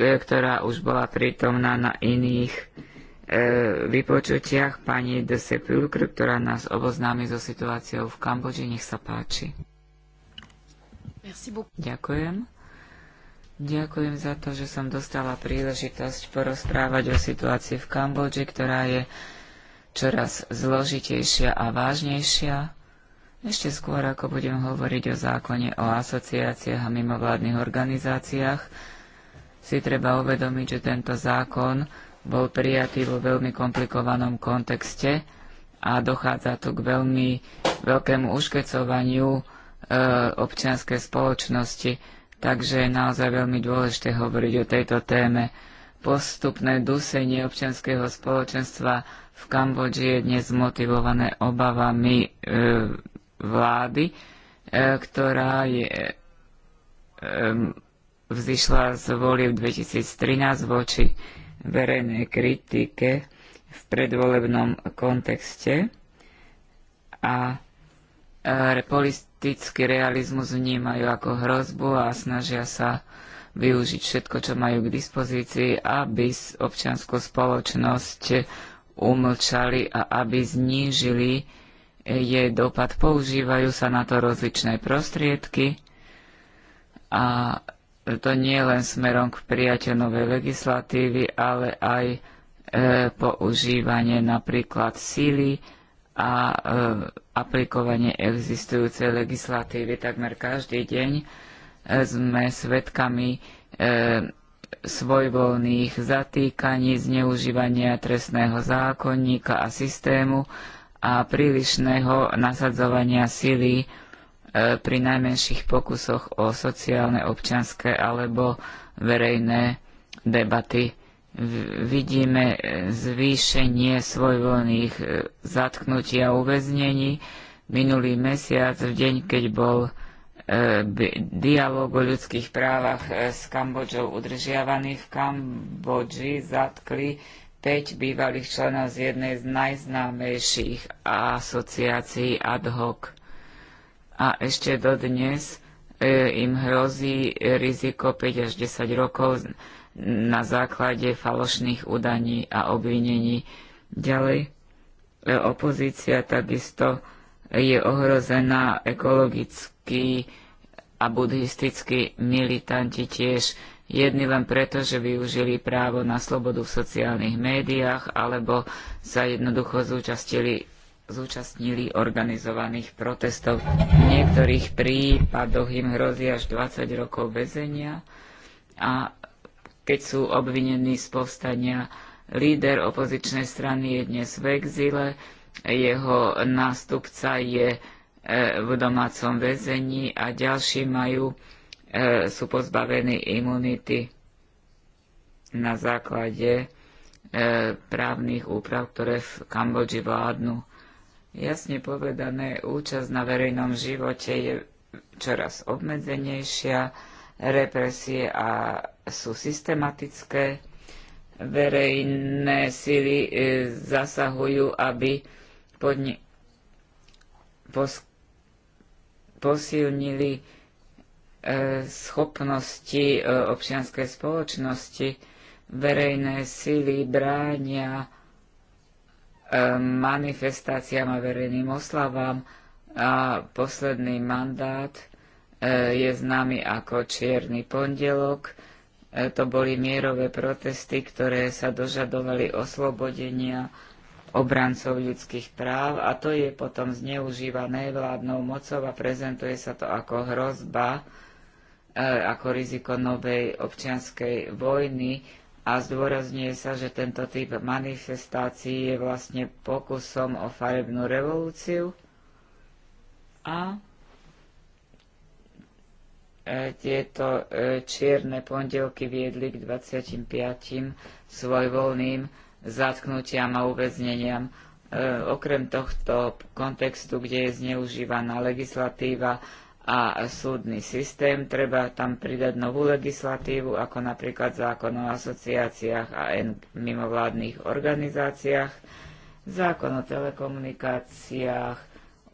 e, ktorá už bola prítomná na iných e, vypočutiach, pani de Sepulcre, ktorá nás oboznámi so situáciou v Kambodži. Nech sa páči. Ďakujem. Ďakujem za to, že som dostala príležitosť porozprávať o situácii v Kambodži, ktorá je čoraz zložitejšia a vážnejšia. Ešte skôr, ako budem hovoriť o zákone o asociáciách a mimovládnych organizáciách, si treba uvedomiť, že tento zákon bol prijatý vo veľmi komplikovanom kontexte a dochádza tu k veľmi veľkému uškecovaniu e, občianskej spoločnosti. Takže je naozaj veľmi dôležité hovoriť o tejto téme. Postupné dusenie občianského spoločenstva v Kambodži je dnes motivované obavami e, vlády, e, ktorá je, e, vzýšla z v 2013 voči verejnej kritike v predvolebnom kontexte a politický realizmus vnímajú ako hrozbu a snažia sa využiť všetko, čo majú k dispozícii, aby občianskú spoločnosť umlčali a aby znížili eh, jej dopad. Používajú sa na to rozličné prostriedky a to nie len smerom k prijatiu novej legislatívy, ale aj e, používanie napríklad síly, a e, aplikovanie existujúcej legislatívy. Takmer každý deň e, sme svedkami e, svojvoľných zatýkaní, zneužívania trestného zákonníka a systému a prílišného nasadzovania sily e, pri najmenších pokusoch o sociálne, občanské alebo verejné debaty vidíme e, zvýšenie svojvoľných e, zatknutí a uväznení. Minulý mesiac, v deň, keď bol e, dialog o ľudských právach s Kambodžou udržiavaný v Kambodži, zatkli 5 bývalých členov z jednej z najznámejších asociácií ad hoc. A ešte dodnes im hrozí riziko 5 až 10 rokov na základe falošných údaní a obvinení. Ďalej, e, opozícia takisto je ohrozená ekologicky a buddhistickí militanti tiež jedni len preto, že využili právo na slobodu v sociálnych médiách alebo sa jednoducho zúčastili zúčastnili organizovaných protestov. V niektorých prípadoch im hrozí až 20 rokov väzenia a keď sú obvinení z povstania. Líder opozičnej strany je dnes v exile, jeho nástupca je e, v domácom väzení a ďalší majú, e, sú pozbavení imunity na základe e, právnych úprav, ktoré v Kambodži vládnu. Jasne povedané, účasť na verejnom živote je čoraz obmedzenejšia, represie a sú systematické, verejné síly e, zasahujú, aby podni- pos- posilnili e, schopnosti e, občianskej spoločnosti. Verejné síly bránia e, manifestáciám a verejným oslavám a posledný mandát e, je známy ako Čierny pondelok. E, E, to boli mierové protesty, ktoré sa dožadovali oslobodenia obrancov ľudských práv a to je potom zneužívané vládnou mocou a prezentuje sa to ako hrozba, e, ako riziko novej občianskej vojny a zdôrazňuje sa, že tento typ manifestácií je vlastne pokusom o farebnú revolúciu a E, tieto e, čierne pondelky viedli k 25 svojvoľným zatknutiam a uväzneniam. E, okrem tohto kontextu, kde je zneužívaná legislatíva a súdny systém, treba tam pridať novú legislatívu, ako napríklad zákon o asociáciách a mimovládnych organizáciách, zákon o telekomunikáciách,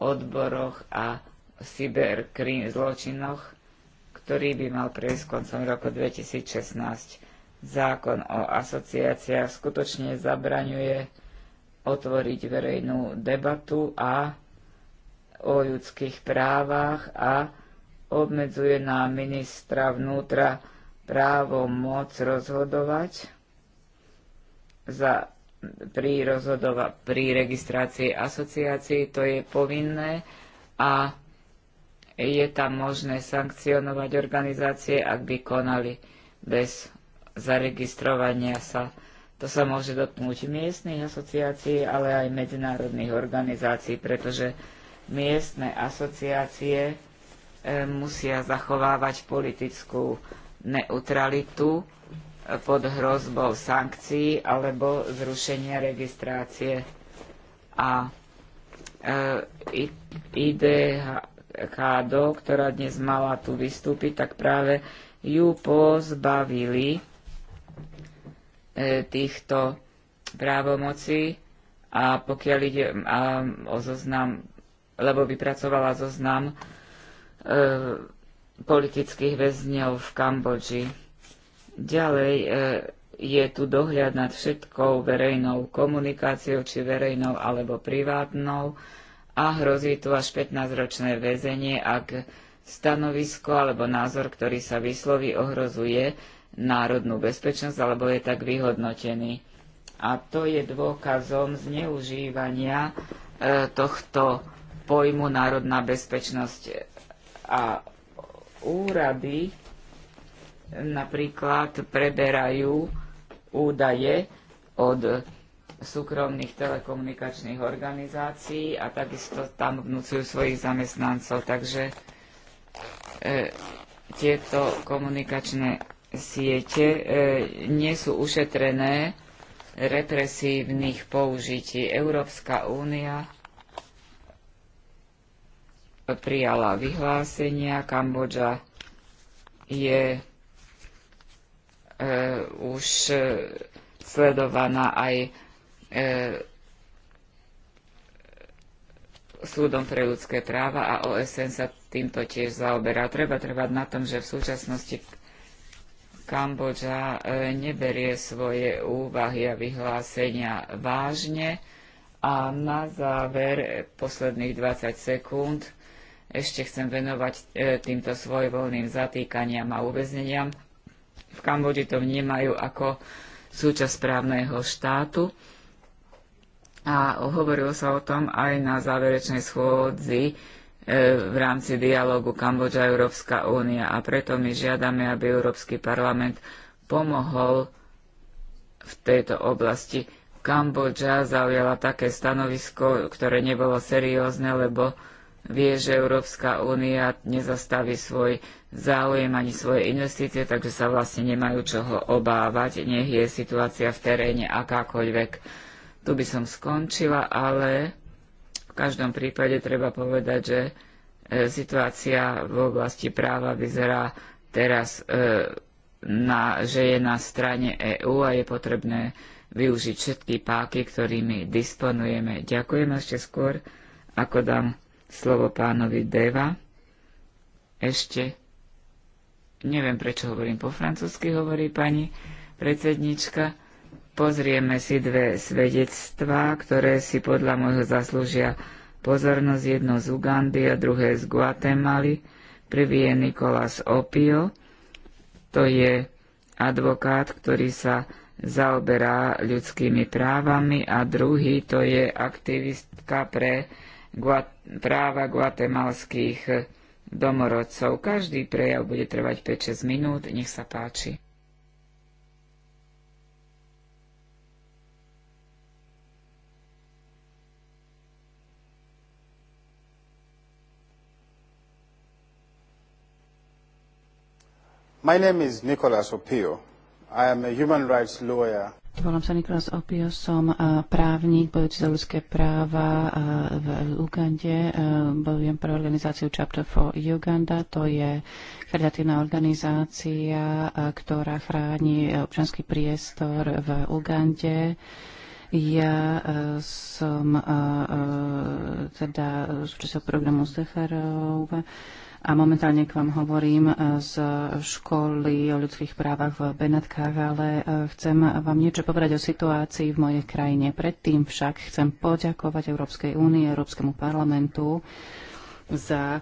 odboroch a cyberkrim zločinoch ktorý by mal prejsť koncom roku 2016. Zákon o asociáciách skutočne zabraňuje otvoriť verejnú debatu a o ľudských právach a obmedzuje na ministra vnútra právo moc rozhodovať za, pri, rozhodova, pri registrácii asociácií, to je povinné a je tam možné sankcionovať organizácie, ak by konali bez zaregistrovania sa. To sa môže dotknúť miestnych asociácií, ale aj medzinárodných organizácií, pretože miestne asociácie e, musia zachovávať politickú neutralitu eh, pod hrozbou sankcií alebo zrušenia registrácie. A e, eh, IDH, Kádo, ktorá dnes mala tu vystúpiť, tak práve ju pozbavili e, týchto právomocí a pokiaľ ide o zoznam, lebo vypracovala zoznam e, politických väzňov v Kambodži. Ďalej e, je tu dohľad nad všetkou verejnou komunikáciou, či verejnou alebo privátnou a hrozí tu až 15-ročné väzenie, ak stanovisko alebo názor, ktorý sa vysloví, ohrozuje národnú bezpečnosť alebo je tak vyhodnotený. A to je dôkazom zneužívania e, tohto pojmu národná bezpečnosť. A úrady napríklad preberajú údaje od súkromných telekomunikačných organizácií a takisto tam vnúcujú svojich zamestnancov. Takže e, tieto komunikačné siete e, nie sú ušetrené represívnych použití. Európska únia prijala vyhlásenia, Kambodža je e, už e, sledovaná aj E, súdom pre ľudské práva a OSN sa týmto tiež zaoberá. Treba trvať na tom, že v súčasnosti Kambodža e, neberie svoje úvahy a vyhlásenia vážne. A na záver posledných 20 sekúnd ešte chcem venovať e, týmto svojvoľným zatýkaniam a uväzneniam. V Kambodži to vnímajú ako súčasť právneho štátu a hovorilo sa o tom aj na záverečnej schôdzi e, v rámci dialogu Kambodža Európska únia a preto my žiadame, aby Európsky parlament pomohol v tejto oblasti. Kambodža zaujala také stanovisko, ktoré nebolo seriózne, lebo vie, že Európska únia nezastaví svoj záujem ani svoje investície, takže sa vlastne nemajú čoho obávať, nech je situácia v teréne akákoľvek. Tu by som skončila, ale v každom prípade treba povedať, že e, situácia v oblasti práva vyzerá teraz, e, na, že je na strane EÚ a je potrebné využiť všetky páky, ktorými disponujeme. Ďakujem ešte skôr, ako dám slovo pánovi Deva. Ešte neviem, prečo hovorím po francúzsky, hovorí pani predsednička. Pozrieme si dve svedectvá, ktoré si podľa môjho zaslúžia pozornosť, jedno z Ugandy a druhé z Guatemaly. Prvý je Nikolás Opio, to je advokát, ktorý sa zaoberá ľudskými právami a druhý to je aktivistka pre práva guatemalských domorodcov. Každý prejav bude trvať 5-6 minút, nech sa páči.
My name is Nicholas Opio. I am a human rights lawyer.
Volám sa Nikolás Opio, som právnik, bojujúci za ľudské práva v Ugande. Bojujem pre organizáciu Chapter for Uganda. To je charitatívna organizácia, ktorá chráni občanský priestor v Ugande. Ja som teda súčasťou programu Zacharov a momentálne k vám hovorím e, z školy o ľudských právach v Benatkách, ale e, chcem vám niečo povedať o situácii v mojej krajine. Predtým však chcem poďakovať Európskej únii, Európskemu parlamentu za e,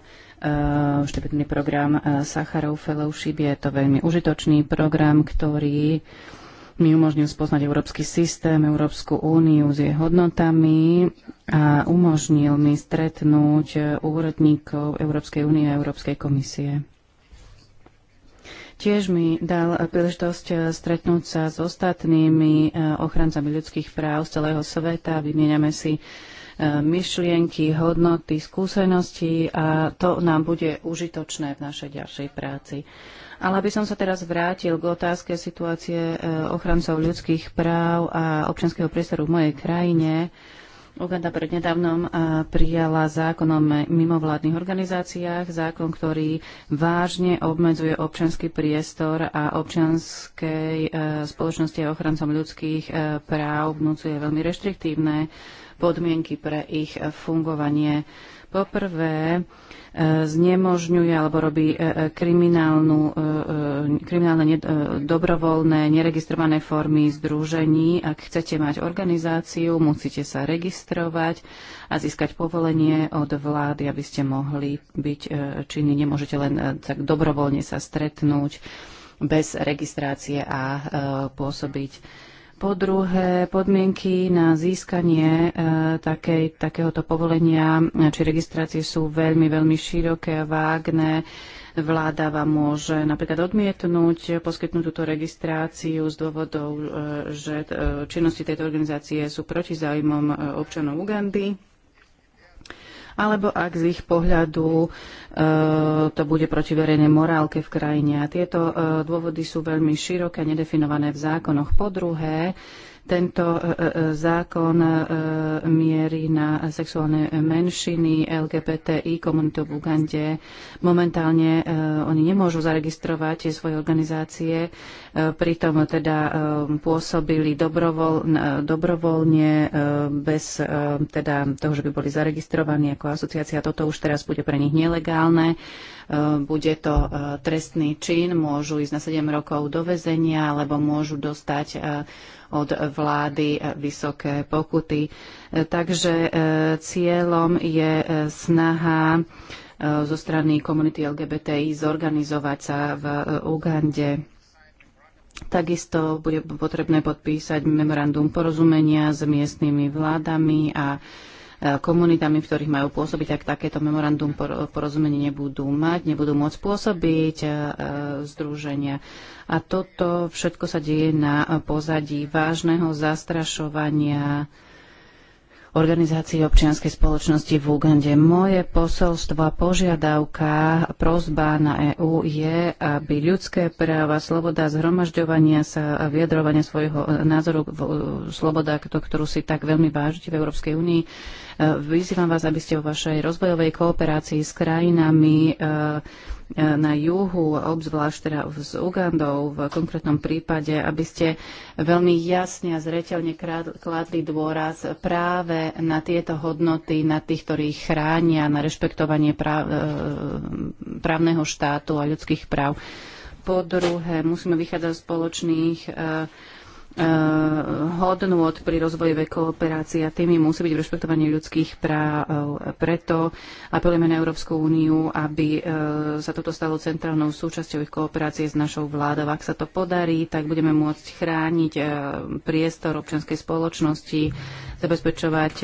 štipendný program Sacharov Fellowship. Je to veľmi užitočný program, ktorý mi umožnil spoznať európsky systém, Európsku úniu s jej hodnotami a umožnil mi stretnúť úradníkov Európskej únie a Európskej komisie. Tiež mi dal príležitosť eh, stretnúť sa s ostatnými eh, ochrancami ľudských práv z celého sveta. Vymieňame si eh, myšlienky, hodnoty, skúsenosti a to nám bude užitočné v našej ďalšej práci. Ale aby som sa teraz vrátil k otázke situácie e, ochrancov ľudských práv a občanského priestoru v mojej krajine. Uganda prednedávnom prijala zákon o mimovládnych organizáciách, zákon, ktorý vážne obmedzuje občanský priestor a občanskej e, spoločnosti a ochrancom ľudských e, práv vnúcuje veľmi reštriktívne podmienky pre ich fungovanie. Poprvé, e, znemožňuje alebo robí e, e, kriminálnu, kriminálne dobrovoľné, neregistrované formy združení. Ak chcete mať organizáciu, musíte sa registrovať a získať povolenie od vlády, aby ste mohli byť činní. Nemôžete len tak dobrovoľne sa stretnúť bez registrácie a pôsobiť po druhé, podmienky na získanie e, takej, takéhoto povolenia či registrácie sú veľmi, veľmi široké a vágne. Vláda vám môže napríklad odmietnúť, poskytnúť túto registráciu z dôvodov, e, že e, činnosti tejto organizácie sú proti záujmom občanov Ugandy alebo ak z ich pohľadu e, to bude proti verejnej morálke v krajine. A tieto e, dôvody sú veľmi široké, nedefinované v zákonoch. Po druhé, tento e, e, e, zákon mierí na sexuálne menšiny LGBTI komunitu v Ugande. Momentálne oni nemôžu zaregistrovať svoje organizácie, pritom teda pôsobili dobrovoľ, dobrovoľne bez teda toho, že by boli zaregistrovaní ako asociácia. Toto už teraz bude pre nich nelegálne Eh, bude to eh, trestný čin, môžu ísť na 7 rokov do vezenia, alebo môžu dostať eh, od vlády vysoké pokuty. Takže cieľom je snaha zo strany komunity LGBTI zorganizovať sa v Ugande. Takisto bude potrebné podpísať memorandum porozumenia s miestnymi vládami a komunitami, v ktorých majú pôsobiť, tak takéto memorandum porozumenie nebudú mať, nebudú môcť pôsobiť e, združenia. A toto všetko sa deje na pozadí vážneho zastrašovania organizácií občianskej spoločnosti v Ugande. Moje posolstvo a požiadavka, prozba na EÚ je, aby ľudské práva, sloboda zhromažďovania sa a vyjadrovania svojho názoru, sloboda, ktorú si tak veľmi vážite v Európskej únii, Vyzývam vás, aby ste vo vašej rozvojovej kooperácii s krajinami e, e, na juhu, obzvlášť teda s Ugandou v konkrétnom prípade, aby ste veľmi jasne a zreteľne kládli dôraz práve na tieto hodnoty, na tých, ktorí ich chránia, na rešpektovanie práv, e, právneho štátu a ľudských práv. Po druhé, musíme vychádzať z spoločných Eh, hodnôt pri rozvojovej kooperácii a tými musí byť rešpektovanie ľudských práv. Preto apelujeme na Európsku úniu, aby sa eh, toto stalo centrálnou súčasťou ich kooperácie s našou vládou. Ak sa to podarí, tak budeme môcť chrániť eh, priestor občianskej spoločnosti, zabezpečovať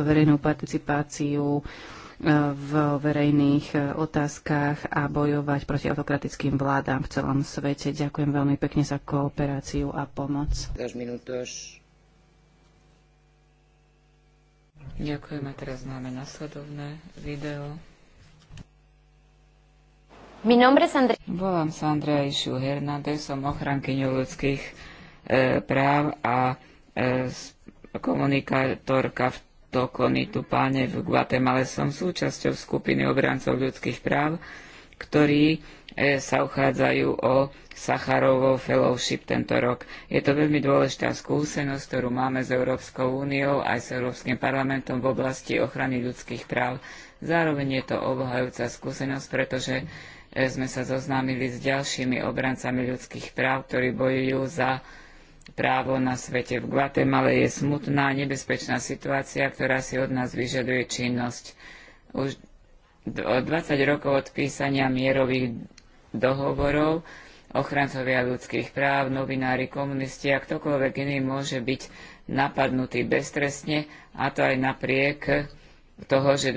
verejnú participáciu v verejných e, otázkach a bojovať proti autokratickým vládám v celom svete. Ďakujem veľmi pekne za kooperáciu a pomoc.
Ďakujem a teraz máme nasledovné video. Mi nombre es André... Volám sa Andrea Išiu Hernández, som ochrankyňou ľudských e, práv a e, komunikátorka v do Konitu páne v Guatemale. Som súčasťou skupiny obrancov ľudských práv, ktorí e, sa uchádzajú o Sacharovo fellowship tento rok. Je to veľmi dôležitá skúsenosť, ktorú máme s Európskou úniou aj s Európskym parlamentom v oblasti ochrany ľudských práv. Zároveň je to obohajúca skúsenosť, pretože e, sme sa zoznámili s ďalšími obrancami ľudských práv, ktorí bojujú za právo na svete. V Guatemale je smutná, nebezpečná situácia, ktorá si od nás vyžaduje činnosť. Už 20 rokov od písania mierových dohovorov ochrancovia ľudských práv, novinári, komunisti a ktokoľvek iný môže byť napadnutý beztrestne a to aj napriek toho, že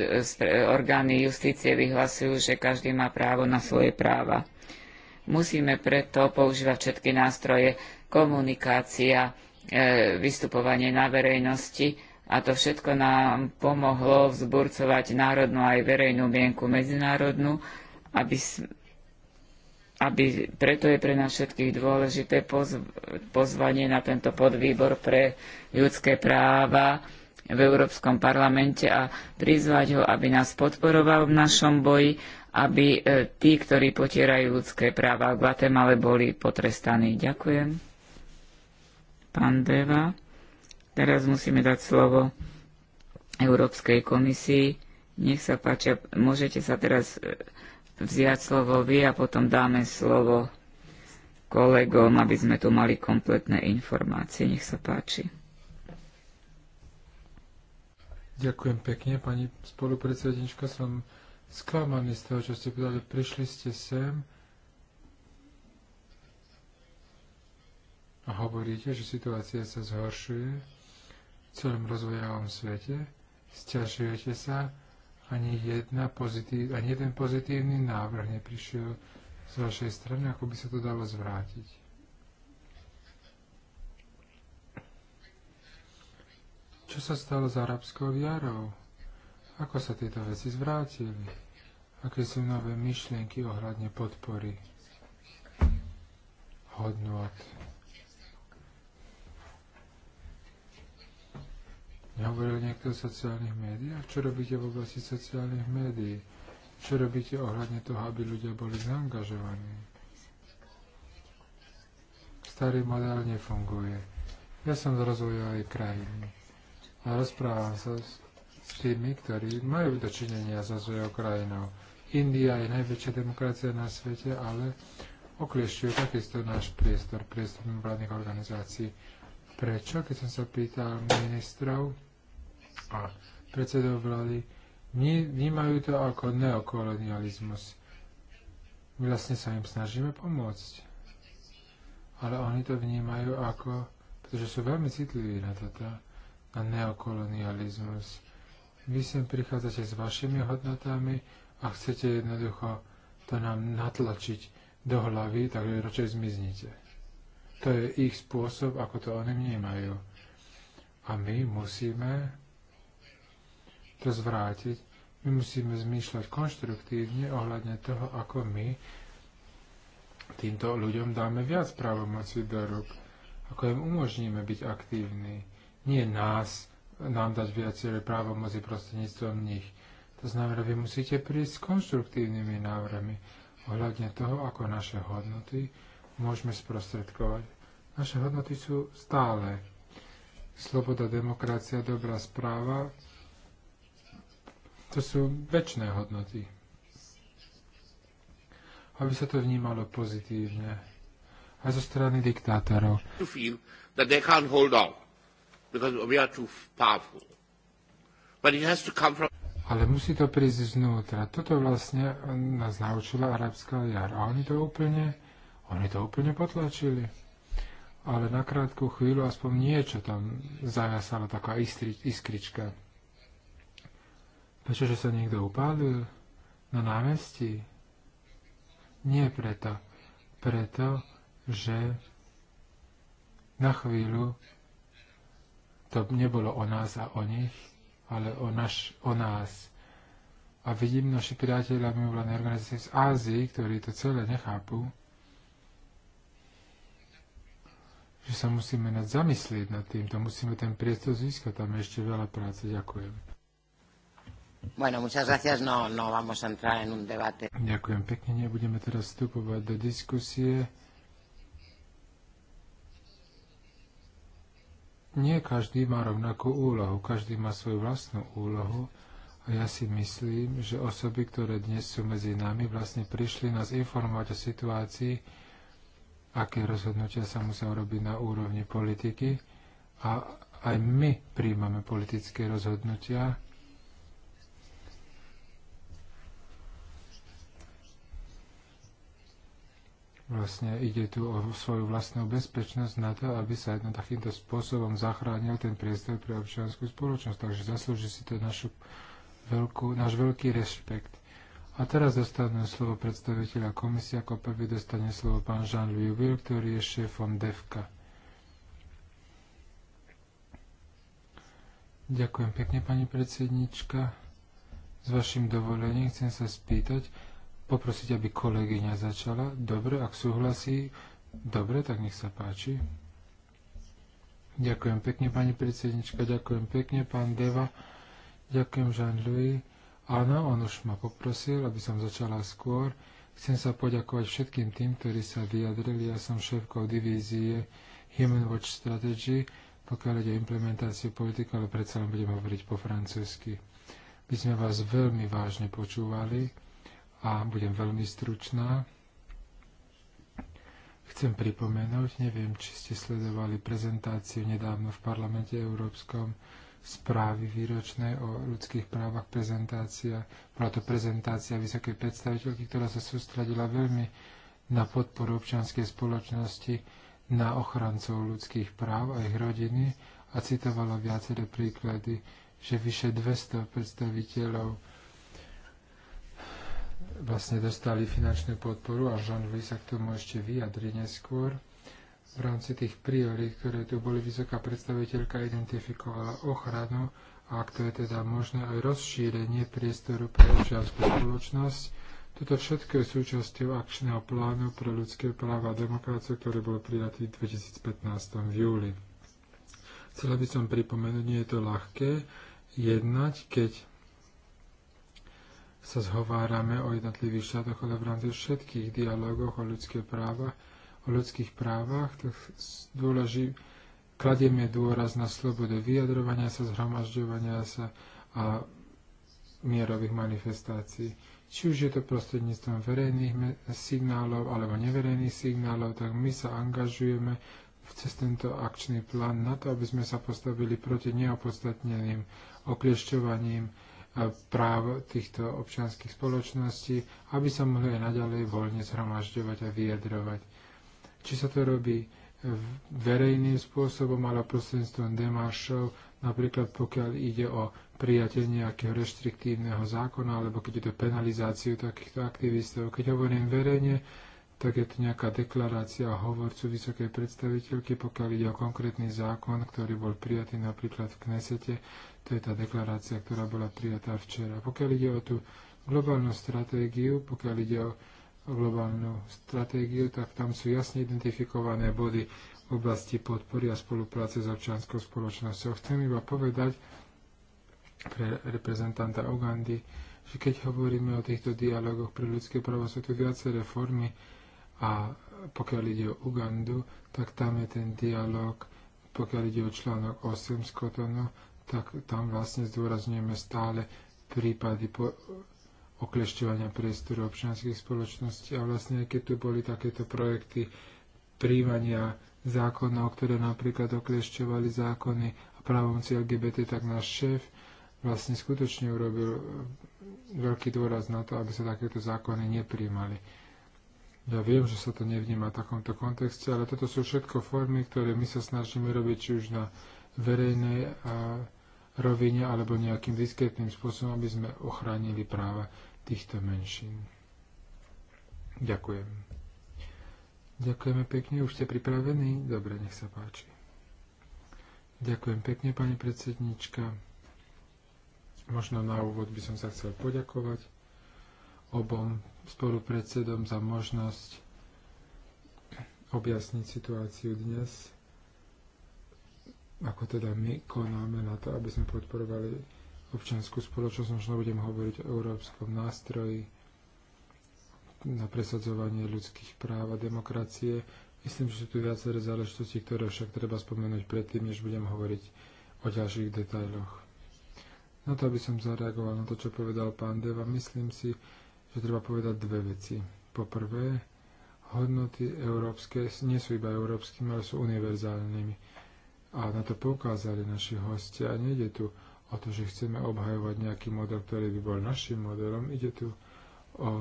orgány justície vyhlasujú, že každý má právo na svoje práva. Musíme preto používať všetky nástroje komunikácia, e, vystupovanie na verejnosti a to všetko nám pomohlo vzburcovať národnú aj verejnú mienku medzinárodnú, aby, aby preto je pre nás všetkých dôležité pozv, pozvanie na tento podvýbor pre ľudské práva v Európskom parlamente a prizvať ho, aby nás podporoval v našom boji, aby e, tí, ktorí potierajú ľudské práva v Guatemale, boli potrestaní. Ďakujem pán Deva. Teraz musíme dať slovo Európskej komisii. Nech sa páči, môžete sa teraz e, vziať slovo vy a potom dáme slovo kolegom, aby sme tu mali kompletné informácie. Nech sa páči.
Ďakujem pekne, pani spolupredsedníčka. Som sklamaný z toho, čo ste povedali. Prišli ste sem a hovoríte, že situácia sa zhoršuje v celom rozvojavom svete, stiažujete sa, ani, jedna pozitív, ani jeden pozitívny návrh neprišiel z vašej strany, ako by sa to dalo zvrátiť. Čo sa stalo s arabskou viarou? Ako sa tieto veci zvrátili? Aké sú nové myšlienky ohľadne podpory hodnot? Hovoril niekto o sociálnych médiách? Čo robíte v oblasti sociálnych médií? Čo robíte ohľadne toho, aby ľudia boli zaangažovaní? Starý model nefunguje. Ja som z rozvojovej krajiny a rozprávam sa s tými, ktorí majú dočinenia so svojou krajinou. India je najväčšia demokracia na svete, ale okliešťujú takisto náš priestor, priestor mimovládnych organizácií. Prečo? Keď som sa pýtal ministrov a predsedov vlády, vnímajú to ako neokolonializmus. My Vlastne sa im snažíme pomôcť. Ale oni to vnímajú ako, pretože sú veľmi citliví na toto, na neokolonializmus. Vy sem prichádzate s vašimi hodnotami a chcete jednoducho to nám natlačiť do hlavy, takže radšej zmiznite. To je ich spôsob, ako to oni vnímajú. A my musíme to zvrátiť. My musíme zmýšľať konštruktívne ohľadne toho, ako my týmto ľuďom dáme viac právomocí do rúk, ako im umožníme byť aktívni. Nie nás, nám dať viaceré právomocí prostredníctvom nich. To znamená, vy musíte prísť s konštruktívnymi návrhmi ohľadne toho, ako naše hodnoty môžeme sprostredkovať naše hodnoty sú stále. Sloboda, demokracia, dobrá správa, to sú väčšie hodnoty. Aby sa to vnímalo pozitívne. Aj zo strany diktátorov. Ale musí to prísť znútra. Toto vlastne nás naučila arabská jar. A oni to úplne, oni to úplne potlačili ale na krátku chvíľu aspoň niečo tam zajasala taká istri, iskrička. že sa niekto upálil? Na námestí? Nie preto. Preto, že na chvíľu to nebolo o nás a o nich, ale o, naš, o nás. A vidím naši priateľa mimovládnej organizácie z Ázii, ktorí to celé nechápu, že sa musíme nad zamyslieť nad týmto, musíme ten priestor získať, tam je ešte veľa práce. Ďakujem.
Bueno, muchas gracias. No, no vamos a entrar
en un debate. Ďakujem pekne, nebudeme teraz vstupovať do diskusie. Nie každý má rovnakú úlohu, každý má svoju vlastnú úlohu a ja si myslím, že osoby, ktoré dnes sú medzi nami, vlastne prišli nás informovať o situácii, aké rozhodnutia sa musia urobiť na úrovni politiky a aj my príjmame politické rozhodnutia. Vlastne ide tu o svoju vlastnú bezpečnosť na to, aby sa jedno takýmto spôsobom zachránil ten priestor pre občianskú spoločnosť. Takže zaslúži si to našu veľkú, náš veľký rešpekt. A teraz dostanú slovo predstaviteľa komisie, ako prvý dostane slovo pán Jean-Louis Will, ktorý je šéfom DEVKA. Ďakujem pekne, pani predsednička. S vašim dovolením chcem sa spýtať, poprosiť, aby kolegyňa začala. Dobre, ak súhlasí, dobre, tak nech sa páči. Ďakujem pekne, pani predsednička, ďakujem pekne, pán Deva, ďakujem Jean-Louis Áno, on už ma poprosil, aby som začala skôr. Chcem sa poďakovať všetkým tým, ktorí sa vyjadrili. Ja som šéfkou divízie Human Watch Strategy, pokiaľ ide o implementáciu politiky, ale predsa len budem hovoriť po francúzsky. My sme vás veľmi vážne počúvali a budem veľmi stručná. Chcem pripomenúť, neviem, či ste sledovali prezentáciu nedávno v parlamente európskom, správy výročnej o ľudských právach prezentácia. Bola to prezentácia vysokej predstaviteľky, ktorá sa sústredila veľmi na podporu občianskej spoločnosti, na ochrancov ľudských práv a ich rodiny a citovala viaceré príklady, že vyše 200 predstaviteľov vlastne dostali finančnú podporu a Jean-Louis sa k tomu ešte vyjadri neskôr v rámci tých priorít, ktoré tu boli, vysoká predstaviteľka identifikovala ochranu a ak to je teda možné aj rozšírenie priestoru pre občianskú spoločnosť. Toto všetko je súčasťou akčného plánu pre ľudské práva a demokraciu, ktorý bol prijatý v 2015 v júli. Chcela by som pripomenúť, nie je to ľahké jednať, keď sa zhovárame o jednotlivých štátoch, ale v rámci všetkých dialogov o ľudské práva o ľudských právach, tak dôleží, kladieme dôraz na slobodu vyjadrovania sa, zhromažďovania sa a mierových manifestácií. Či už je to prostredníctvom verejných signálov alebo neverejných signálov, tak my sa angažujeme cez tento akčný plán na to, aby sme sa postavili proti neopodstatneným okliešťovaním e, práv týchto občianských spoločností, aby sa mohli aj naďalej voľne zhromažďovať a vyjadrovať či sa to robí verejným spôsobom, ale prostredníctvom demaršov, napríklad pokiaľ ide o prijatie nejakého reštriktívneho zákona, alebo keď ide o penalizáciu takýchto aktivistov. Keď hovorím verejne, tak je to nejaká deklarácia hovorcu vysokej predstaviteľky, pokiaľ ide o konkrétny zákon, ktorý bol prijatý napríklad v Knesete. To je tá deklarácia, ktorá bola prijatá včera. Pokiaľ ide o tú globálnu stratégiu, pokiaľ ide o globálnu stratégiu, tak tam sú jasne identifikované body v oblasti podpory a spolupráce s občianskou spoločnosťou. Chcem iba povedať pre reprezentanta Ugandy, že keď hovoríme o týchto dialogoch pre ľudské práva, sú tu viaceré formy a pokiaľ ide o Ugandu, tak tam je ten dialog, pokiaľ ide o článok 8 z Kotonu, tak tam vlastne zdôrazňujeme stále prípady po, oklešťovania priestoru občianských spoločností. A vlastne, aj keď tu boli takéto projekty príjmania zákonov, ktoré napríklad oklešťovali zákony a právomci LGBT, tak náš šéf vlastne skutočne urobil e, veľký dôraz na to, aby sa takéto zákony nepríjmali. Ja viem, že sa to nevníma v takomto kontexte, ale toto sú všetko formy, ktoré my sa snažíme robiť či už na verejnej rovine alebo nejakým diskrétnym spôsobom, aby sme ochránili práva týchto menšín. Ďakujem. Ďakujeme pekne. Už ste pripravení? Dobre, nech sa páči. Ďakujem pekne, pani predsednička. Možno na úvod by som sa chcel poďakovať obom spolupredsedom za možnosť objasniť situáciu dnes, ako teda my konáme na to, aby sme podporovali občianskú spoločnosť, možno budem hovoriť o európskom nástroji na presadzovanie ľudských práv a demokracie. Myslím, že sú tu viaceré záležitosti, ktoré však treba spomenúť predtým, než budem hovoriť o ďalších detailoch. Na to, aby som zareagoval na to, čo povedal pán Deva, myslím si, že treba povedať dve veci. Po prvé, hodnoty európske nie sú iba európskymi, ale sú univerzálnymi. A na to poukázali naši hostia. A nejde tu o to, že chceme obhajovať nejaký model, ktorý by bol našim modelom. Ide tu o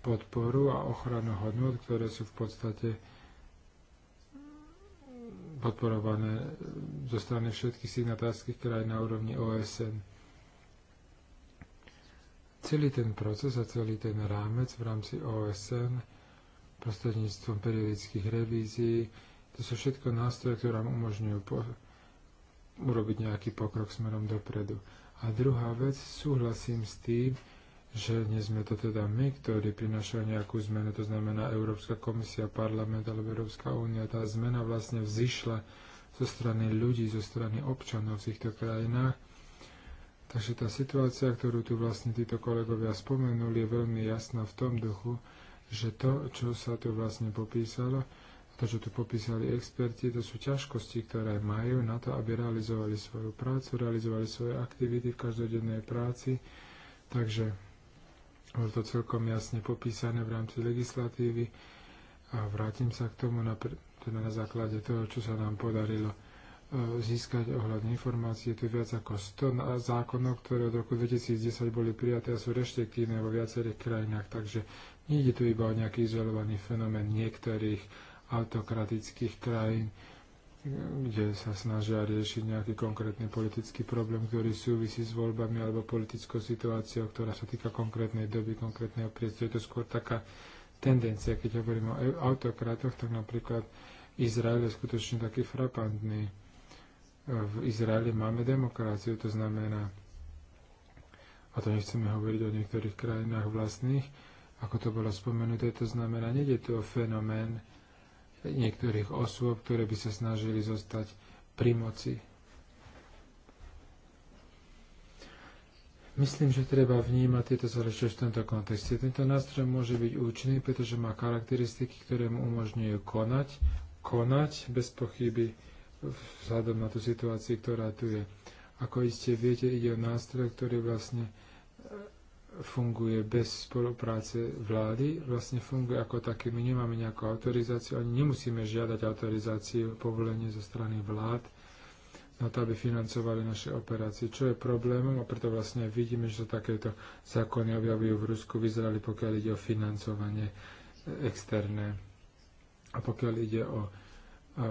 podporu a ochranu hodnot, ktoré sú v podstate podporované zo strany všetkých signatárskych krajín na úrovni OSN. Celý ten proces a celý ten rámec v rámci OSN prostredníctvom periodických revízií, to sú všetko nástroje, ktoré nám umožňujú po- urobiť nejaký pokrok smerom dopredu. A druhá vec, súhlasím s tým, že nie sme to teda my, ktorí prinašajú nejakú zmenu, to znamená Európska komisia, parlament alebo Európska únia. Tá zmena vlastne vzýšla zo strany ľudí, zo strany občanov v týchto krajinách. Takže tá situácia, ktorú tu vlastne títo kolegovia spomenuli, je veľmi jasná v tom duchu, že to, čo sa tu vlastne popísalo, to, čo tu popísali experti, to sú ťažkosti, ktoré majú na to, aby realizovali svoju prácu, realizovali svoje aktivity v každodennej práci. Takže bolo to celkom jasne popísané v rámci legislatívy a vrátim sa k tomu na, teda na základe toho, čo sa nám podarilo e, získať ohľadne informácií. Je tu viac ako 100 zákonov, ktoré od roku 2010 boli prijaté a sú reštriktívne vo viacerých krajinách, takže nie je tu iba o nejaký izolovaný fenomén niektorých autokratických krajín, kde sa snažia riešiť nejaký konkrétny politický problém, ktorý súvisí s voľbami alebo politickou situáciou, ktorá sa týka konkrétnej doby, konkrétneho priestoru. Je to skôr taká tendencia, keď hovorím o autokratoch, tak napríklad Izrael je skutočne taký frapantný. V Izraeli máme demokraciu, to znamená, a to nechceme hovoriť o niektorých krajinách vlastných, ako to bolo spomenuté, to znamená, nie je to fenomén niektorých osôb, ktoré by sa snažili zostať pri moci. Myslím, že treba vnímať tieto záležitosti v tomto kontexte. Tento nástroj môže byť účinný, pretože má charakteristiky, ktoré mu umožňujú konať, konať bez pochyby vzhľadom na tú situáciu, ktorá tu je. Ako iste viete, ide o nástroj, ktorý vlastne funguje bez spolupráce vlády, vlastne funguje ako také. My nemáme nejakú autorizáciu, ani nemusíme žiadať autorizáciu, povolenie zo strany vlád na to, aby financovali naše operácie. Čo je problémom a preto vlastne vidíme, že takéto zákony objavujú v Rusku, vyzerali, pokiaľ ide o financovanie e, externé a pokiaľ ide o, o e,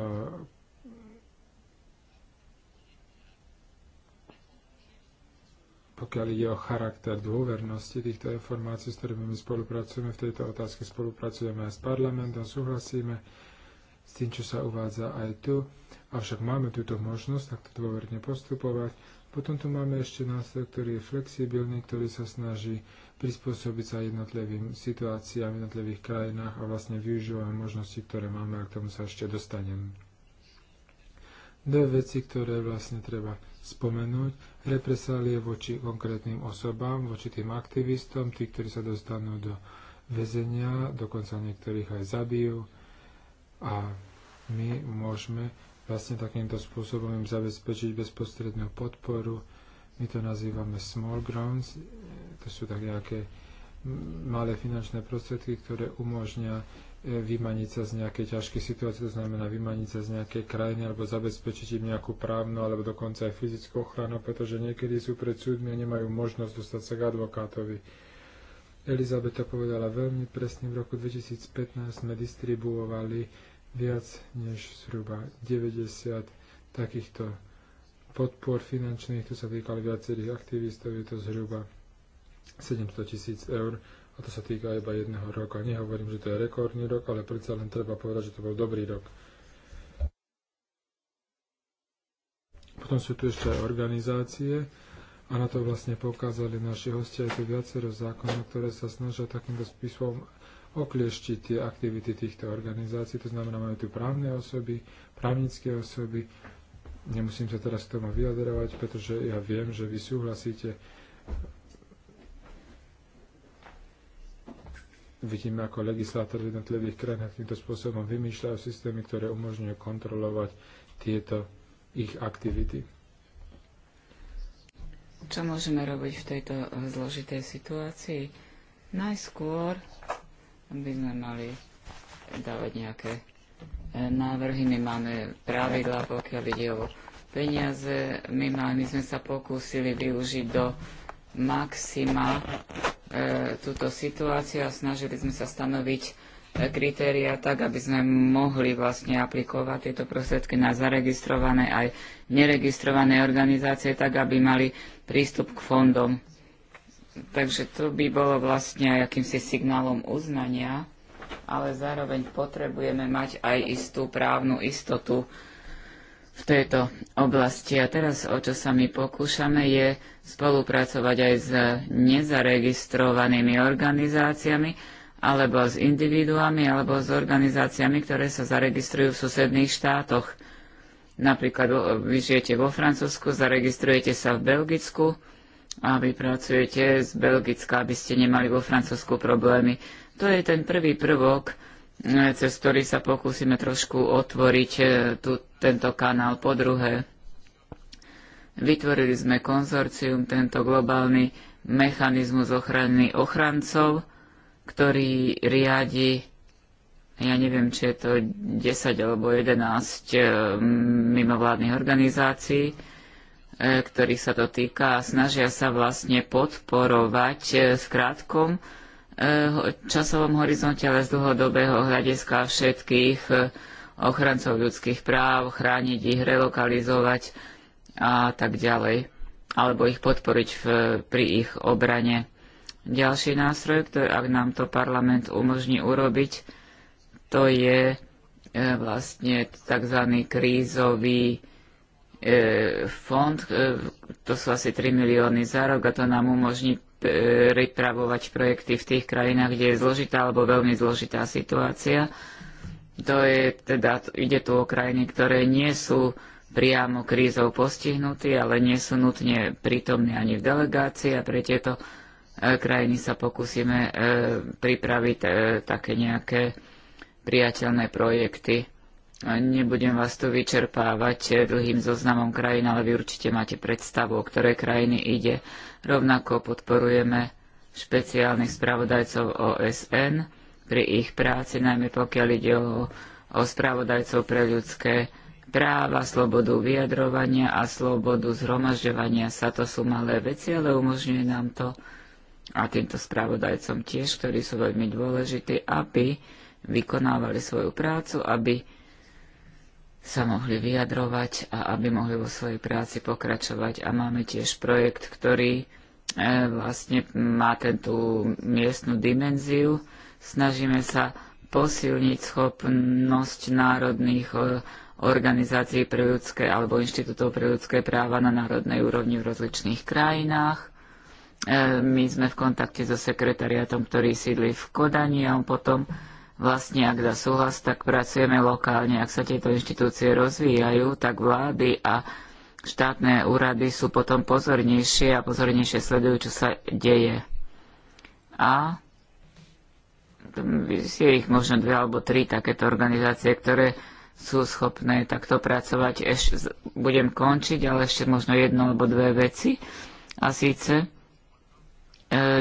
pokiaľ ide o charakter dôvernosti týchto informácií, s ktorými my spolupracujeme v tejto otázke, spolupracujeme aj s parlamentom, súhlasíme s tým, čo sa uvádza aj tu. Avšak máme túto možnosť takto dôverne postupovať. Potom tu máme ešte nástroj, ktorý je flexibilný, ktorý sa snaží prispôsobiť sa jednotlivým situáciám v jednotlivých krajinách a vlastne využívame možnosti, ktoré máme a k tomu sa ešte dostanem. Dve veci, ktoré vlastne treba spomenúť, represálie voči konkrétnym osobám, voči tým aktivistom, tí, ktorí sa dostanú do väzenia, dokonca niektorých aj zabijú. A my môžeme vlastne takýmto spôsobom im zabezpečiť bezprostrednú podporu. My to nazývame small grounds, to sú tak nejaké malé finančné prostriedky, ktoré umožnia e, vymaniť sa z nejakej ťažkej situácie, to znamená vymaniť sa z nejakej krajiny alebo zabezpečiť im nejakú právnu alebo dokonca aj fyzickú ochranu, pretože niekedy sú pred súdmi a nemajú možnosť dostať sa k advokátovi. Elizabeta povedala veľmi presne, v roku 2015 sme distribuovali viac než zhruba 90 takýchto podpor finančných, tu sa týkali viacerých aktivistov, je to zhruba 700 tisíc eur a to sa týka iba jedného roka. Nehovorím, že to je rekordný rok, ale predsa len treba povedať, že to bol dobrý rok. Potom sú tu ešte aj organizácie a na to vlastne poukázali naši hostia. aj tu viacero zákonov, ktoré sa snažia takýmto spisom oklieštiť tie aktivity týchto organizácií. To znamená, majú tu právne osoby, právnické osoby. Nemusím sa teraz k tomu vyjadrovať, pretože ja viem, že vy súhlasíte Vidíme, ako legislátor jednotlivých krajín týmto spôsobom vymýšľajú systémy, ktoré umožňujú kontrolovať tieto ich aktivity.
Čo môžeme robiť v tejto eh, zložitej situácii? Najskôr by sme mali dávať nejaké eh, návrhy. My máme pravidla, pokiaľ ide o peniaze. My, máme, my sme sa pokúsili využiť do maxima e, túto situáciu a snažili sme sa stanoviť e, kritéria tak, aby sme mohli vlastne aplikovať tieto prostriedky na zaregistrované aj neregistrované organizácie, tak aby mali prístup k fondom. Takže to by bolo vlastne aj akýmsi signálom uznania, ale zároveň potrebujeme mať aj istú právnu istotu, v tejto oblasti. A teraz, o čo sa my pokúšame, je spolupracovať aj s nezaregistrovanými organizáciami, alebo s individuami, alebo s organizáciami, ktoré sa zaregistrujú v susedných štátoch. Napríklad vy žijete vo Francúzsku, zaregistrujete sa v Belgicku a vy pracujete z Belgicka, aby ste nemali vo Francúzsku problémy. To je ten prvý prvok, No, cez ktorý sa pokúsime trošku otvoriť e, tu, tento kanál. Po druhé, vytvorili sme konzorcium, tento globálny mechanizmus ochrany ochrancov, ktorý riadi, ja neviem, či je to 10 alebo 11 e, mimovládnych organizácií, e, ktorých sa to týka a snažia sa vlastne podporovať s krátkom Eh, časovom horizonte, ale z dlhodobého hľadiska všetkých eh, ochrancov ľudských práv, chrániť ich, relokalizovať a tak ďalej, alebo ich podporiť v, pri ich obrane. Ďalší nástroj, ktorý, ak nám to parlament umožní urobiť, to je eh, vlastne tzv. krízový e, fond, e, to sú asi 3 milióny za rok a to nám umožní pripravovať projekty v tých krajinách, kde je zložitá alebo veľmi zložitá situácia. To je, teda, ide tu o krajiny, ktoré nie sú priamo krízou postihnutí, ale nie sú nutne prítomní ani v delegácii a pre tieto e, krajiny sa pokúsime e, pripraviť e, také nejaké priateľné projekty. Nebudem vás tu vyčerpávať dlhým zoznamom krajín, ale vy určite máte predstavu, o ktoré krajiny ide. Rovnako podporujeme špeciálnych spravodajcov OSN pri ich práci, najmä pokiaľ ide o, o spravodajcov pre ľudské práva, slobodu vyjadrovania a slobodu zhromažďovania sa. To sú malé veci, ale umožňuje nám to a týmto spravodajcom tiež, ktorí sú veľmi dôležití, aby vykonávali svoju prácu, aby sa mohli vyjadrovať a aby mohli vo svojej práci pokračovať. A máme tiež projekt, ktorý e, vlastne má tú miestnu dimenziu. Snažíme sa posilniť schopnosť národných e, organizácií pre ľudské alebo inštitútov pre ľudské práva na národnej úrovni v rozličných krajinách. E, my sme v kontakte so sekretariatom, ktorý sídli v Kodani a on potom Vlastne, ak dá súhlas, tak pracujeme lokálne. Ak sa tieto inštitúcie rozvíjajú, tak vlády a štátne úrady sú potom pozornejšie a pozornejšie sledujú, čo sa deje. A je ich možno dve alebo tri takéto organizácie, ktoré sú schopné takto pracovať. Eš, budem končiť, ale ešte možno jedno alebo dve veci. A síce e,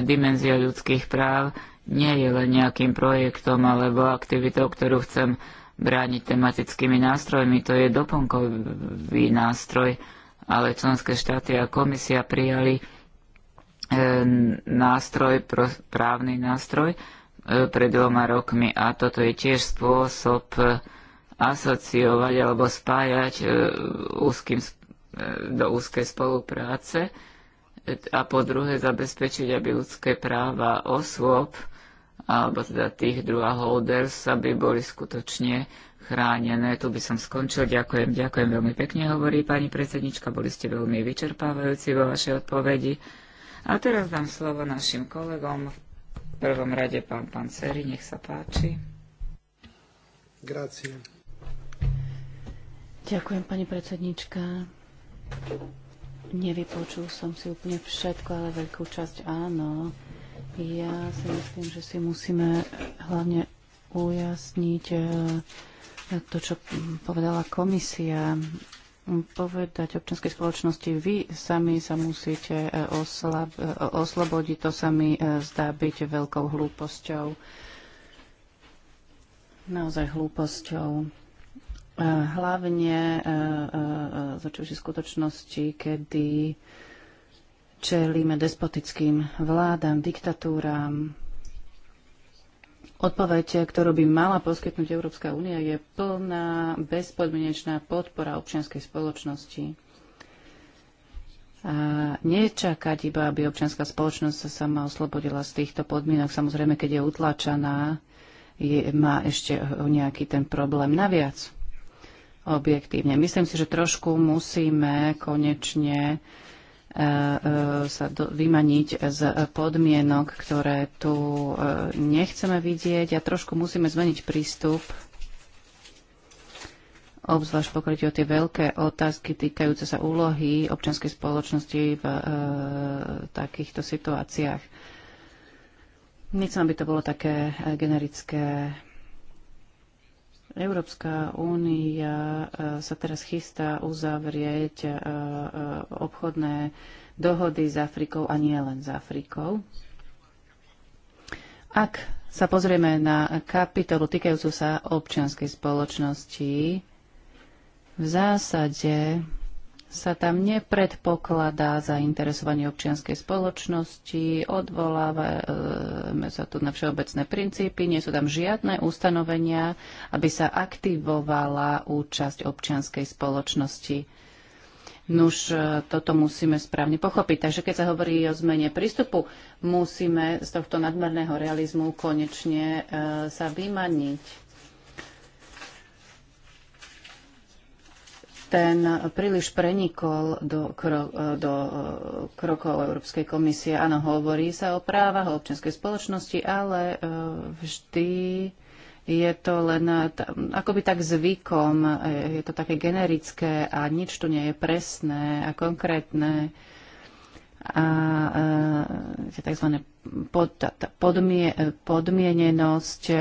dimenzia ľudských práv nie je len nejakým projektom alebo aktivitou, ktorú chcem brániť tematickými nástrojmi. To je doplnkový nástroj, ale členské štáty a komisia prijali e, nástroj, právny nástroj e, pred dvoma rokmi a toto je tiež spôsob e, asociovať alebo spájať úzkým, do úzkej spolupráce a po druhé zabezpečiť, aby ľudské práva osôb alebo teda tých druhá holders, aby boli skutočne chránené. Tu by som skončil. Ďakujem, ďakujem veľmi pekne, hovorí pani predsednička. Boli ste veľmi vyčerpávajúci vo vašej odpovedi. A teraz dám slovo našim kolegom. V prvom rade pán Panceri, nech sa páči.
Grazie.
Ďakujem, pani predsednička. Nevypočul som si úplne všetko, ale veľkú časť áno. Ja si myslím, že si musíme hlavne ujasniť eh, to, čo povedala komisia. Povedať občianskej spoločnosti, vy sami sa musíte eh, oslab- eh, oslobodiť, to sa mi zdá byť veľkou hlúposťou. Naozaj hlúposťou. Hlavne z skutočnosti, kedy Čelíme despotickým vládam, diktatúram. Odpoveď, ktorú by mala poskytnúť Európska únia, je plná, bezpodmienečná podpora občianskej spoločnosti. A nečakať iba, aby občianská spoločnosť sa sama oslobodila z týchto podmienok. Samozrejme, keď je utlačaná, je, má ešte nejaký ten problém naviac objektívne. Myslím si, že trošku musíme konečne E, e, sa do, vymaniť z podmienok, ktoré tu e, nechceme vidieť a trošku musíme zmeniť prístup obzvlášť pokryť o tie veľké otázky týkajúce sa úlohy občianskej spoločnosti v e, takýchto situáciách. Nechcem, aby to bolo také generické Európska únia e, sa teraz chystá uzavrieť e, e, obchodné dohody s Afrikou a nie len s Afrikou. Ak sa pozrieme na kapitolu týkajúcu sa občianskej spoločnosti, v zásade sa tam nepredpokladá zainteresovanie občianskej spoločnosti, odvolávame sa tu na všeobecné princípy, nie sú tam žiadne ustanovenia, aby sa aktivovala účasť občianskej spoločnosti. Nuž, e, toto musíme správne pochopiť. Takže keď sa hovorí o zmene prístupu, musíme z tohto nadmerného realizmu konečne e, sa vymaniť ten príliš prenikol do, kro, do e, krokov Európskej komisie. Áno, hovorí sa o právach, o občianskej spoločnosti, ale e, vždy je to len e, akoby tak zvykom, je to také generické a nič tu nie je presné a konkrétne a e, tzv. Pod, podmie, e, podmienenosť e,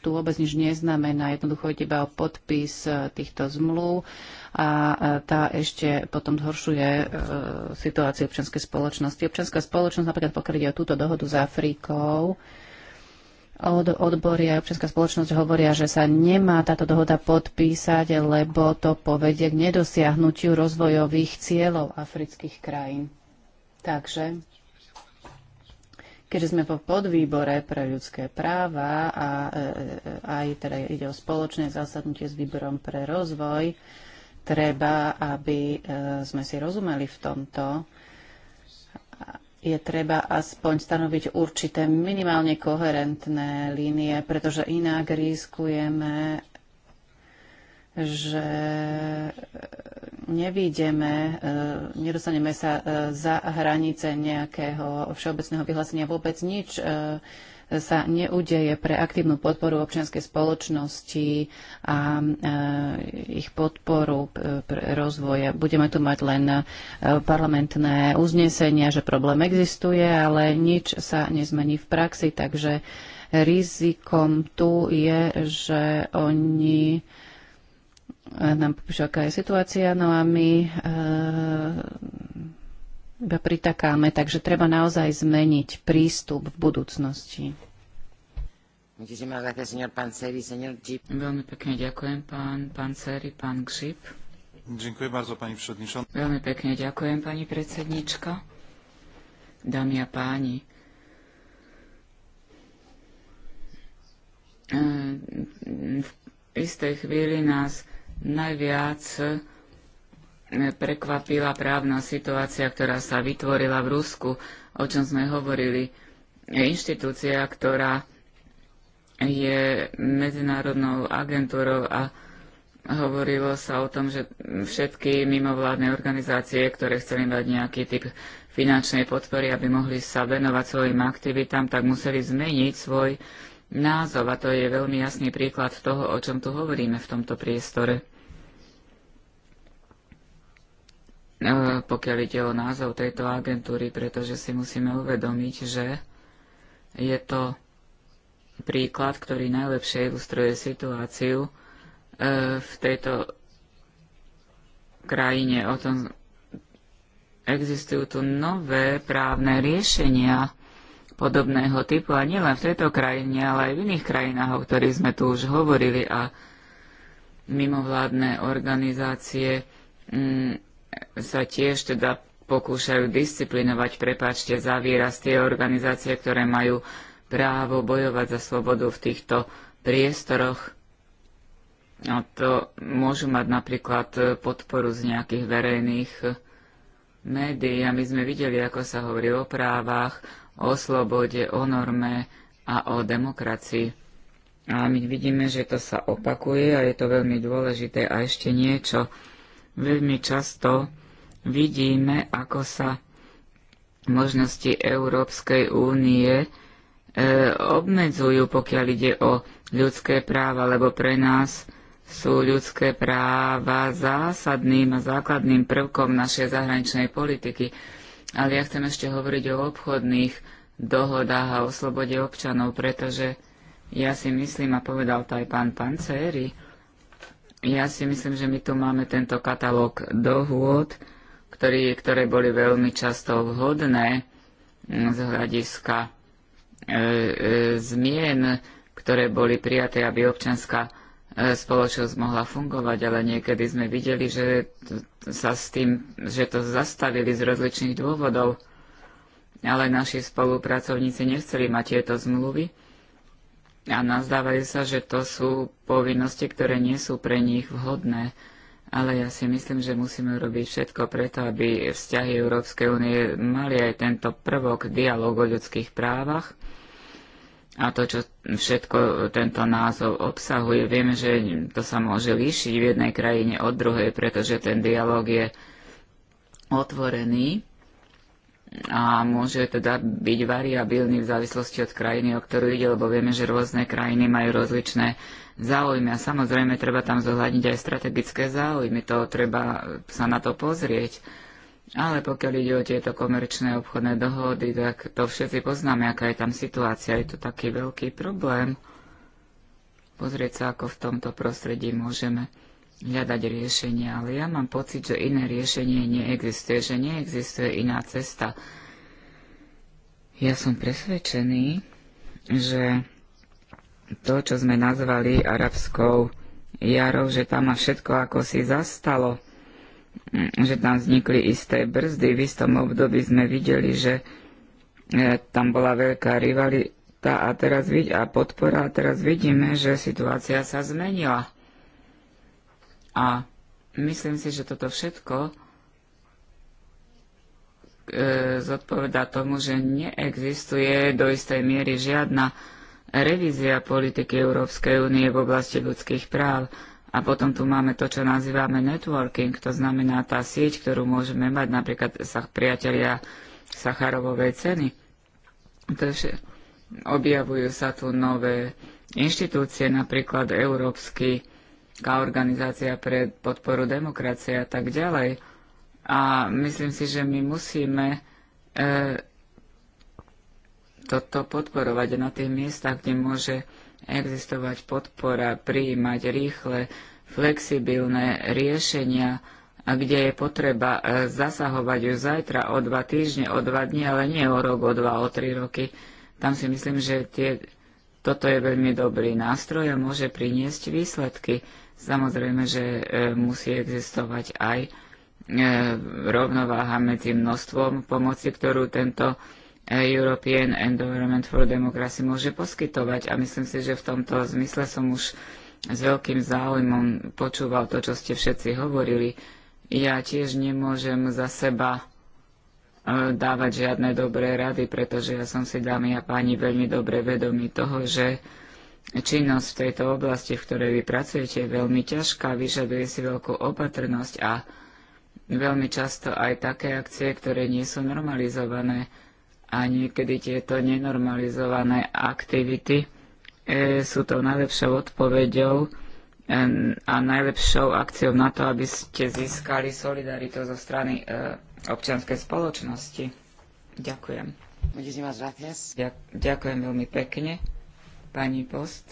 tu vôbec nič neznamená. Jednoducho ide iba o podpis e, týchto zmluv a e, tá ešte potom zhoršuje e, situáciu občianskej spoločnosti. Občianská spoločnosť, napríklad pokiaľ ide o túto dohodu s Afrikou, od odbory a občianská spoločnosť hovoria, že sa nemá táto dohoda podpísať, lebo to povedie k nedosiahnutiu rozvojových cieľov afrických krajín. Takže keďže sme po podvýbore pre ľudské práva a e, e, aj teda ide o spoločné zasadnutie s výborom pre rozvoj, treba, aby e, sme si rozumeli v tomto, je treba aspoň stanoviť určité minimálne koherentné línie, pretože inak riskujeme že e, nevídeme, e, nedostaneme sa e, za hranice nejakého všeobecného vyhlásenia. Vôbec nič sa neudeje pre aktívnu podporu občianskej spoločnosti a ich podporu pre rozvoja. Budeme tu mať len parlamentné uznesenia, že problém existuje, ale nič sa nezmení v praxi, takže rizikom tu je, že oni nám popíšu, aká je situácia, no a my e, iba pritakáme, takže treba naozaj zmeniť prístup v budúcnosti.
Veľmi pekne ďakujem, pán Panceri, pán Gšip.
Ďakujem bardzo, pani przewodnicząca.
Veľmi pekne ďakujem, pani predsednička. Dámy a páni, e, v istej chvíli nás Najviac e, prekvapila právna situácia, ktorá sa vytvorila v Rusku, o čom sme hovorili. E, inštitúcia, ktorá je medzinárodnou agentúrou a hovorilo sa o tom, že všetky mimovládne organizácie, ktoré chceli mať nejaký typ finančnej podpory, aby mohli sa venovať svojim aktivitám, tak museli zmeniť svoj názov a to je veľmi jasný príklad toho, o čom tu hovoríme v tomto priestore. E, pokiaľ ide o názov tejto agentúry, pretože si musíme uvedomiť, že je to príklad, ktorý najlepšie ilustruje situáciu e, v tejto krajine. O tom existujú tu nové právne riešenia, podobného typu a nielen v tejto krajine, ale aj v iných krajinách, o ktorých sme tu už hovorili a mimovládne organizácie mm, sa tiež teda pokúšajú disciplinovať, prepáčte za výraz, tie organizácie, ktoré majú právo bojovať za slobodu v týchto priestoroch. A to môžu mať napríklad podporu z nejakých verejných médií a my sme videli, ako sa hovorí o právach, o slobode, o norme a o demokracii. A my vidíme, že to sa opakuje a je to veľmi dôležité. A ešte niečo. Veľmi často vidíme, ako sa možnosti Európskej únie e, obmedzujú, pokiaľ ide o ľudské práva, lebo pre nás sú ľudské práva zásadným a základným prvkom našej zahraničnej politiky. Ale ja chcem ešte hovoriť o obchodných dohodách a o slobode občanov, pretože ja si myslím, a povedal to aj pán Pancéry, ja si myslím, že my tu máme tento katalóg dohôd, ktorý, ktoré boli veľmi často vhodné z hľadiska e, e, zmien, ktoré boli prijaté, aby občanská E, spoločnosť mohla fungovať, ale niekedy sme videli, že sa s tým, že to zastavili z rozličných dôvodov. Ale naši spolupracovníci nechceli mať tieto zmluvy a nazdávajú sa, že to sú povinnosti, ktoré nie sú pre nich vhodné. Ale ja si myslím, že musíme robiť všetko preto, aby vzťahy Európskej únie mali aj tento prvok dialog o ľudských právach a to, čo všetko tento názov obsahuje. Vieme, že to sa môže líšiť v jednej krajine od druhej, pretože ten dialog je otvorený a môže teda byť variabilný v závislosti od krajiny, o ktorú ide, lebo vieme, že rôzne krajiny majú rozličné záujmy a samozrejme treba tam zohľadniť aj strategické záujmy, to treba sa na to pozrieť ale pokiaľ ide o tieto komerčné obchodné dohody, tak to všetci poznáme, aká je tam situácia. Je to taký veľký problém. Pozrieť sa, ako v tomto prostredí môžeme hľadať riešenie, ale ja mám pocit, že iné riešenie neexistuje, že neexistuje iná cesta. Ja som presvedčený, že to, čo sme nazvali arabskou jarou, že tam ma všetko ako si zastalo Mm, že tam vznikli isté brzdy. V istom období sme videli, že e, tam bola veľká rivalita a, teraz, a podpora a teraz vidíme, že situácia sa zmenila. A myslím si, že toto všetko e, zodpoveda tomu, že neexistuje do istej miery žiadna revízia politiky Európskej únie v oblasti ľudských práv a potom tu máme to, čo nazývame networking, to znamená tá sieť, ktorú môžeme mať, napríklad sa priatelia Sacharovovej ceny. Takže objavujú sa tu nové inštitúcie, napríklad Európsky organizácia pre podporu demokracie a tak ďalej. A myslím si, že my musíme e, toto podporovať na tých miestach, kde môže existovať podpora, prijímať rýchle, flexibilné riešenia, a kde je potreba e, zasahovať už zajtra o dva týždne, o dva dni, ale nie o rok, o dva, o tri roky. Tam si myslím, že tie, toto je veľmi dobrý nástroj a môže priniesť výsledky. Samozrejme, že e, musí existovať aj e, rovnováha medzi množstvom pomoci, ktorú tento European Environment for Democracy môže poskytovať. A myslím si, že v tomto zmysle som už s veľkým záujmom počúval to, čo ste všetci hovorili. Ja tiež nemôžem za seba e, dávať žiadne dobré rady, pretože ja som si, dámy a páni, veľmi dobre vedomý toho, že činnosť v tejto oblasti, v ktorej vy pracujete, je veľmi ťažká, vyžaduje si veľkú opatrnosť a veľmi často aj také akcie, ktoré nie sú normalizované a niekedy tieto nenormalizované aktivity e, sú tou najlepšou odpoveďou e, a najlepšou akciou na to, aby ste získali solidaritu zo strany e, občianskej spoločnosti. Ďakujem. Ďakujem veľmi pekne. Pani Post.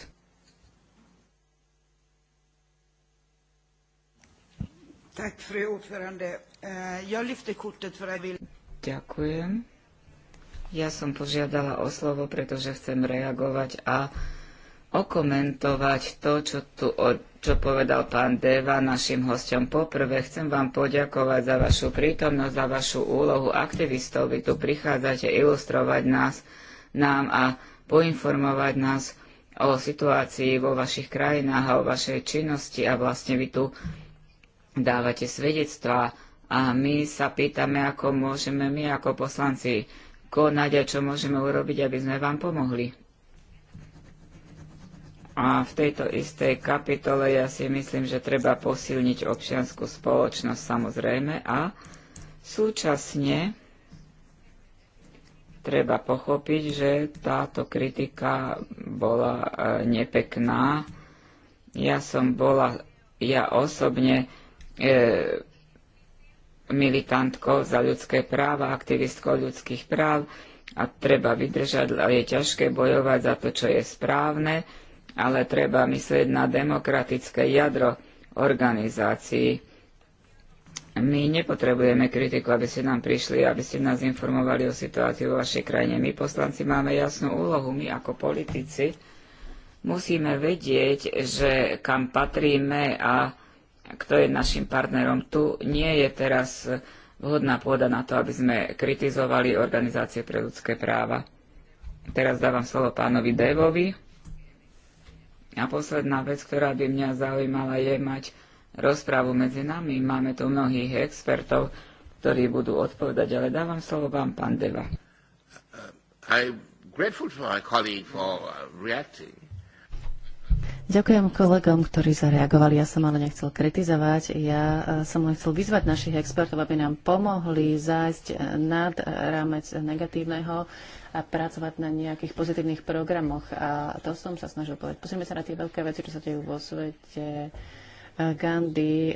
Tak, fru ordförande. Eh, jag kortet för att jag vill... Ďakujem. Ja som požiadala o slovo, pretože chcem reagovať a okomentovať to, čo tu čo povedal pán Deva našim hostom. Poprvé chcem vám poďakovať za vašu prítomnosť, za vašu úlohu aktivistov. Vy tu prichádzate ilustrovať nás, nám a poinformovať nás o situácii vo vašich krajinách a o vašej činnosti a vlastne vy tu dávate svedectvá a my sa pýtame, ako môžeme my ako poslanci konať a čo môžeme urobiť, aby sme vám pomohli. A v tejto istej kapitole ja si myslím, že treba posilniť občianskú spoločnosť samozrejme a súčasne treba pochopiť, že táto kritika bola e, nepekná. Ja som bola, ja osobne e, militantkou za ľudské práva, aktivistkou ľudských práv a treba vydržať, ale je ťažké bojovať za to, čo je správne, ale treba myslieť na demokratické jadro organizácií. My nepotrebujeme kritiku, aby ste nám prišli, aby ste nás informovali o situácii vo vašej krajine. My poslanci máme jasnú úlohu, my ako politici musíme vedieť, že kam patríme a kto je našim partnerom. Tu nie je teraz e, vhodná pôda na to, aby sme kritizovali organizácie pre ľudské práva. Teraz dávam slovo pánovi Devovi. A posledná vec, ktorá by mňa zaujímala, je mať rozprávu medzi nami. Máme tu mnohých expertov, ktorí budú odpovedať, ale dávam slovo vám, pán Deva.
Uh, I'm grateful to my colleague for uh, reacting.
Ďakujem kolegom, ktorí zareagovali. Ja
som ale nechcel kritizovať. Ja e, som len chcel vyzvať našich expertov, aby nám pomohli zájsť e, nad e, rámec negatívneho a pracovať na nejakých pozitívnych programoch. A to som sa snažil povedať. Pozrieme sa na tie veľké veci, čo sa dejú vo svete. Gandhi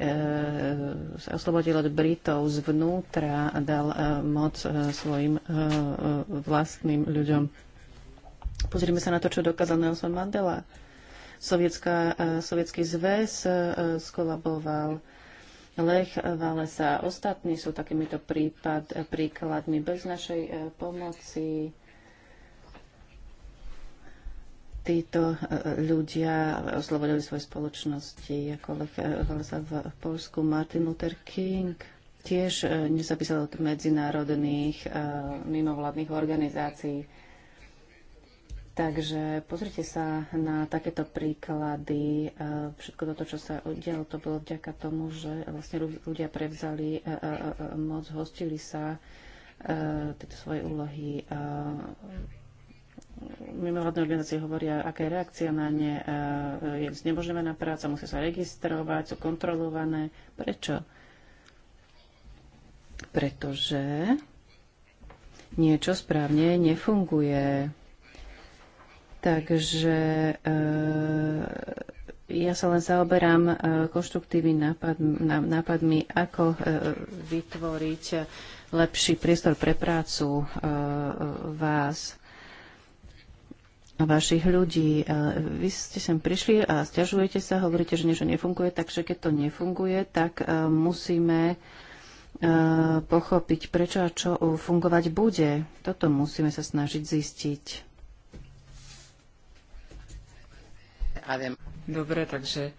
sa oslobodil od Britov zvnútra, a dal moc svojim vlastným ľuďom. Pozrieme sa na to, čo dokázal Nelson Mandela Sovietská, e, Sovietský zväz e, skolaboval. Lech Valesa. Ostatní sú takýmito prípad, e, príkladmi. Bez našej pomoci títo ľudia oslobodili svoje spoločnosti, ako Lech Valesa v Polsku, Martin Luther King. Tiež nezapísal od medzinárodných mimovládnych organizácií. Takže pozrite sa na takéto príklady. E, všetko toto, čo sa udialo, to bolo vďaka tomu, že vlastne ľudia prevzali e, e, moc, hostili sa tieto svoje úlohy. Mimovládne organizácie hovoria, aká je reakcia na ne, je znemožnená práca, musia sa registrovať, sú kontrolované. Prečo? Pretože niečo správne nefunguje Takže e, ja sa len zaoberám e, konštruktívnymi nápadmi, ako e, vytvoriť lepší priestor pre prácu vás a vašich ľudí. Vy ste sem prišli a stiažujete sa, hovoríte, že niečo nefunguje, takže keď to nefunguje, tak musíme pochopiť, prečo a čo fungovať bude. Toto musíme sa snažiť zistiť.
Dobre, takže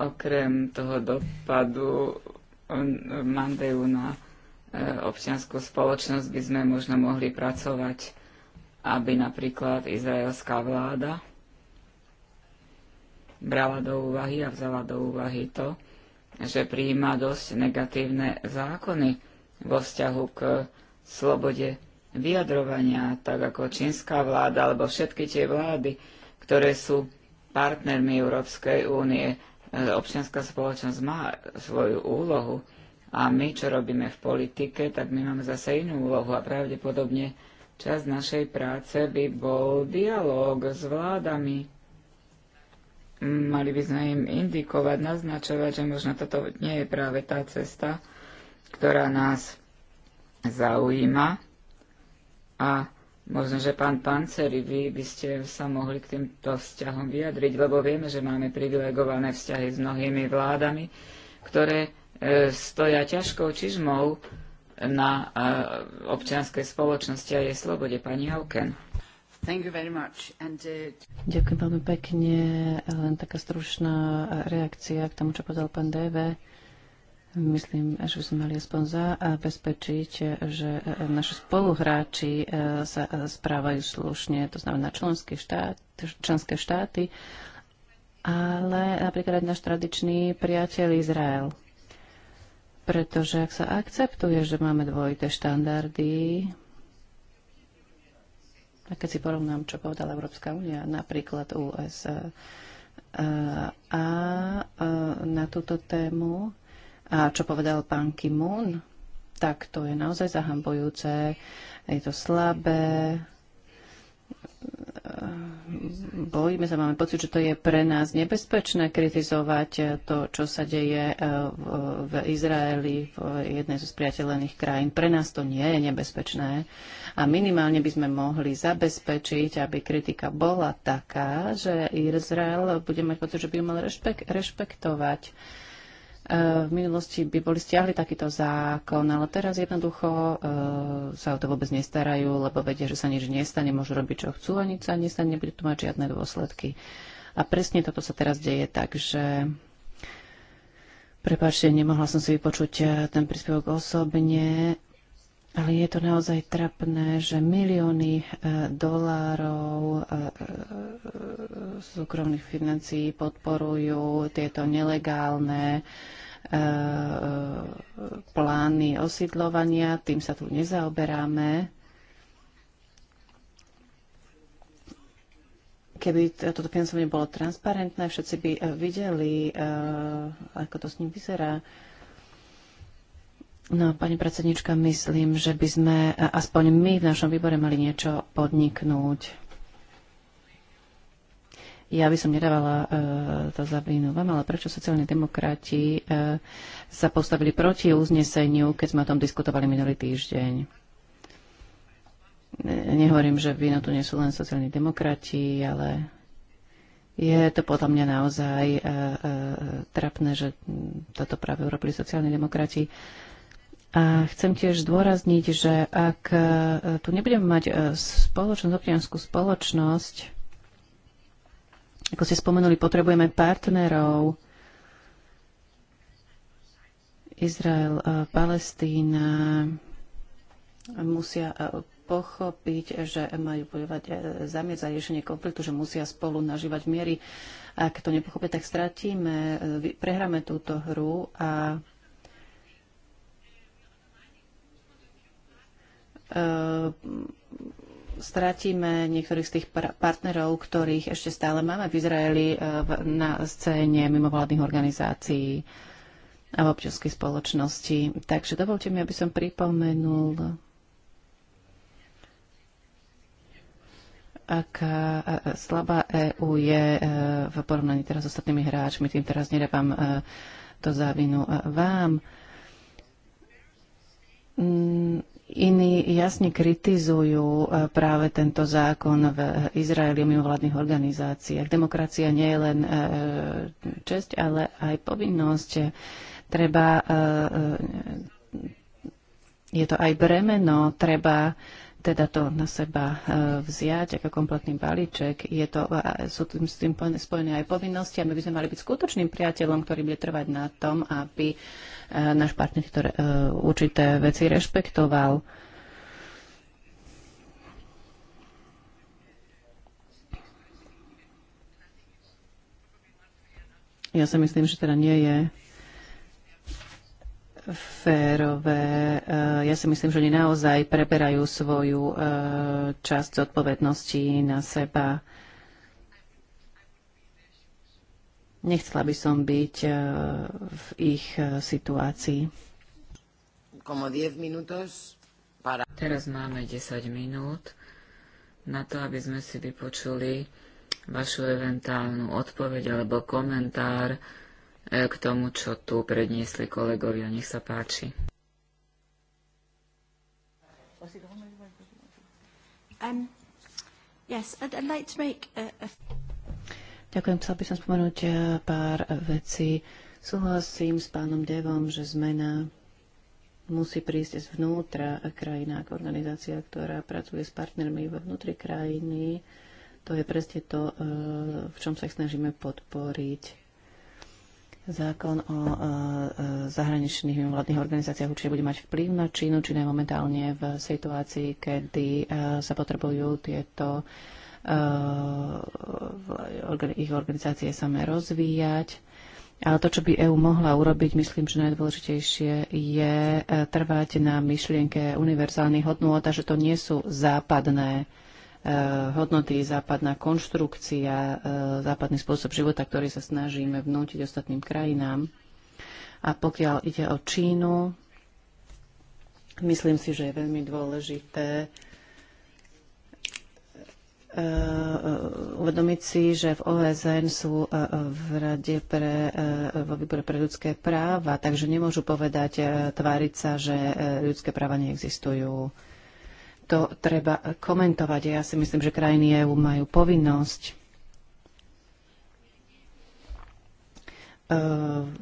okrem toho dopadu Mandeju na e, občianskú spoločnosť by sme možno mohli pracovať, aby napríklad izraelská vláda brala do úvahy a vzala do úvahy to, že prijíma dosť negatívne zákony vo vzťahu k slobode vyjadrovania, tak ako čínska vláda alebo všetky tie vlády, ktoré sú partnermi Európskej únie. E, občianská spoločnosť má svoju úlohu a my, čo robíme v politike, tak my máme zase inú úlohu a pravdepodobne čas našej práce by bol dialóg s vládami. Mali by sme im indikovať, naznačovať, že možno toto nie je práve tá cesta, ktorá nás zaujíma a Možno, že pán Panceri, vy by ste sa mohli k týmto vzťahom vyjadriť, lebo vieme, že máme privilegované vzťahy s mnohými vládami, ktoré e, stoja ťažkou čižmou na e, občianskej spoločnosti a jej slobode. Pani Auken. Thank you very much. And, uh...
Ďakujem veľmi pekne. Len taká stručná reakcia k tomu, čo povedal pán DV. Myslím, že by sme mali aspoň zabezpečiť, že naši spoluhráči e, sa e, správajú slušne, to znamená členské štát, členské štáty, ale napríklad aj náš tradičný priateľ Izrael. Pretože ak sa akceptuje, že máme dvojité štandardy, a keď si porovnám, čo povedala Európska únia, napríklad USA, a e, na túto tému, a čo povedal pán Kim Moon, tak to je naozaj zahambojúce, je to slabé, bojíme sa, máme pocit, že to je pre nás nebezpečné kritizovať to, čo sa deje eh, v Izraeli, v jednej zo spriateľených krajín. Pre nás to nie je nebezpečné a minimálne by sme mohli zabezpečiť, aby kritika bola taká, že Izrael bude mať pocit, že by ju mal rešpek- rešpektovať E, v minulosti by boli stiahli takýto zákon, ale teraz jednoducho e, sa o to vôbec nestarajú, lebo vedia, že sa nič nestane, môžu robiť, čo chcú a nič sa nestane, nebudú tu mať žiadne dôsledky. A presne toto sa teraz deje, takže Prepačte, nemohla som si vypočuť e, ten príspevok osobne. Ale je to naozaj trapné, že milióny e, dolárov e, e, súkromných financií podporujú tieto nelegálne plány osídlovania. Tým sa tu nezaoberáme. Keby toto financovanie bolo transparentné, všetci by videli, ako to s ním vyzerá. No, pani predsednička, myslím, že by sme aspoň my v našom výbore mali niečo podniknúť. Ja by som nedávala e, to za vínu vám, ale prečo sociálni demokrati e, sa postavili proti uzneseniu, keď sme o tom diskutovali minulý týždeň? Nehovorím, že vina tu nie sú len sociálni demokrati, ale je to podľa mňa naozaj e, e, trapné, že toto práve urobili sociálni demokrati. E, a chcem tiež zdôrazniť, že ak e, tu nebudeme mať e, spoločnosť, občianskú spoločnosť, ako ste spomenuli, potrebujeme partnerov, Izrael, e, Palestína musia pochopiť, že majú bojovať zamier za riešenie konfliktu, že musia spolu nažívať miery. Ak to nepochopia, tak stratíme, prehráme túto hru a Ehm, stratíme niektorých z tých partnerov, ktorých ešte stále máme v Izraeli ehm, na scéne mimovládnych organizácií a v občianskej spoločnosti. Takže dovolte mi, aby som pripomenul, aká e, e, slabá EÚ je e, v porovnaní teraz s ostatnými hráčmi. Tým teraz nedávam to závinu vám mm, Iní jasne kritizujú e, práve tento zákon v Izraeli o mimovládnych organizáciách. Demokracia nie je len e, e, česť, ale aj povinnosť. Treba, je to aj bremeno, treba teda to na seba e, vziať ako kompletný balíček. Je to, sú tým, s tým spojené aj povinnosti a my by sme mali byť skutočným priateľom, ktorý bude trvať na tom, aby e, náš partner ktoré, e, určité veci rešpektoval. Ja si myslím, že teda nie je férové. Eh, ja si myslím, že oni naozaj preberajú svoju eh, časť zodpovednosti na seba. Nechcela by som byť eh, v ich situácii.
Teraz máme 10 minút na to, aby sme si vypočuli vašu eventuálnu odpoveď alebo komentár E, k tomu, čo tu predniesli kolegovia. Nech sa páči.
Um, Ďakujem, chcel by som spomenúť e, pár vecí. Súhlasím s pánom Devom, že zmena musí prísť zvnútra krajina ako organizácia, ktorá pracuje s partnermi vo vnútri krajiny. To je presne to, e, v čom sa ich snažíme podporiť. Zákon o e, e, zahraničných mimovládnych organizáciách určite bude mať vplyv na Čínu. Čína je momentálne v situácii, kedy e, sa potrebujú tieto ich organizácie samé rozvíjať. Ale to, čo by EÚ mohla urobiť, myslím, že najdôležitejšie je trvať na myšlienke univerzálnych hodnôt a že to nie sú západné Eh, hodnoty, západná konštrukcia, eh, západný spôsob života, ktorý sa snažíme vnútiť ostatným krajinám. A pokiaľ ide o Čínu, myslím si, že je veľmi dôležité eh, uvedomiť si, že v OSN sú v Rade pre, vo výbore pre ľudské práva, takže nemôžu povedať, tváriť sa, že ľudské práva neexistujú to treba komentovať. Ja si myslím, že krajiny EÚ majú povinnosť e,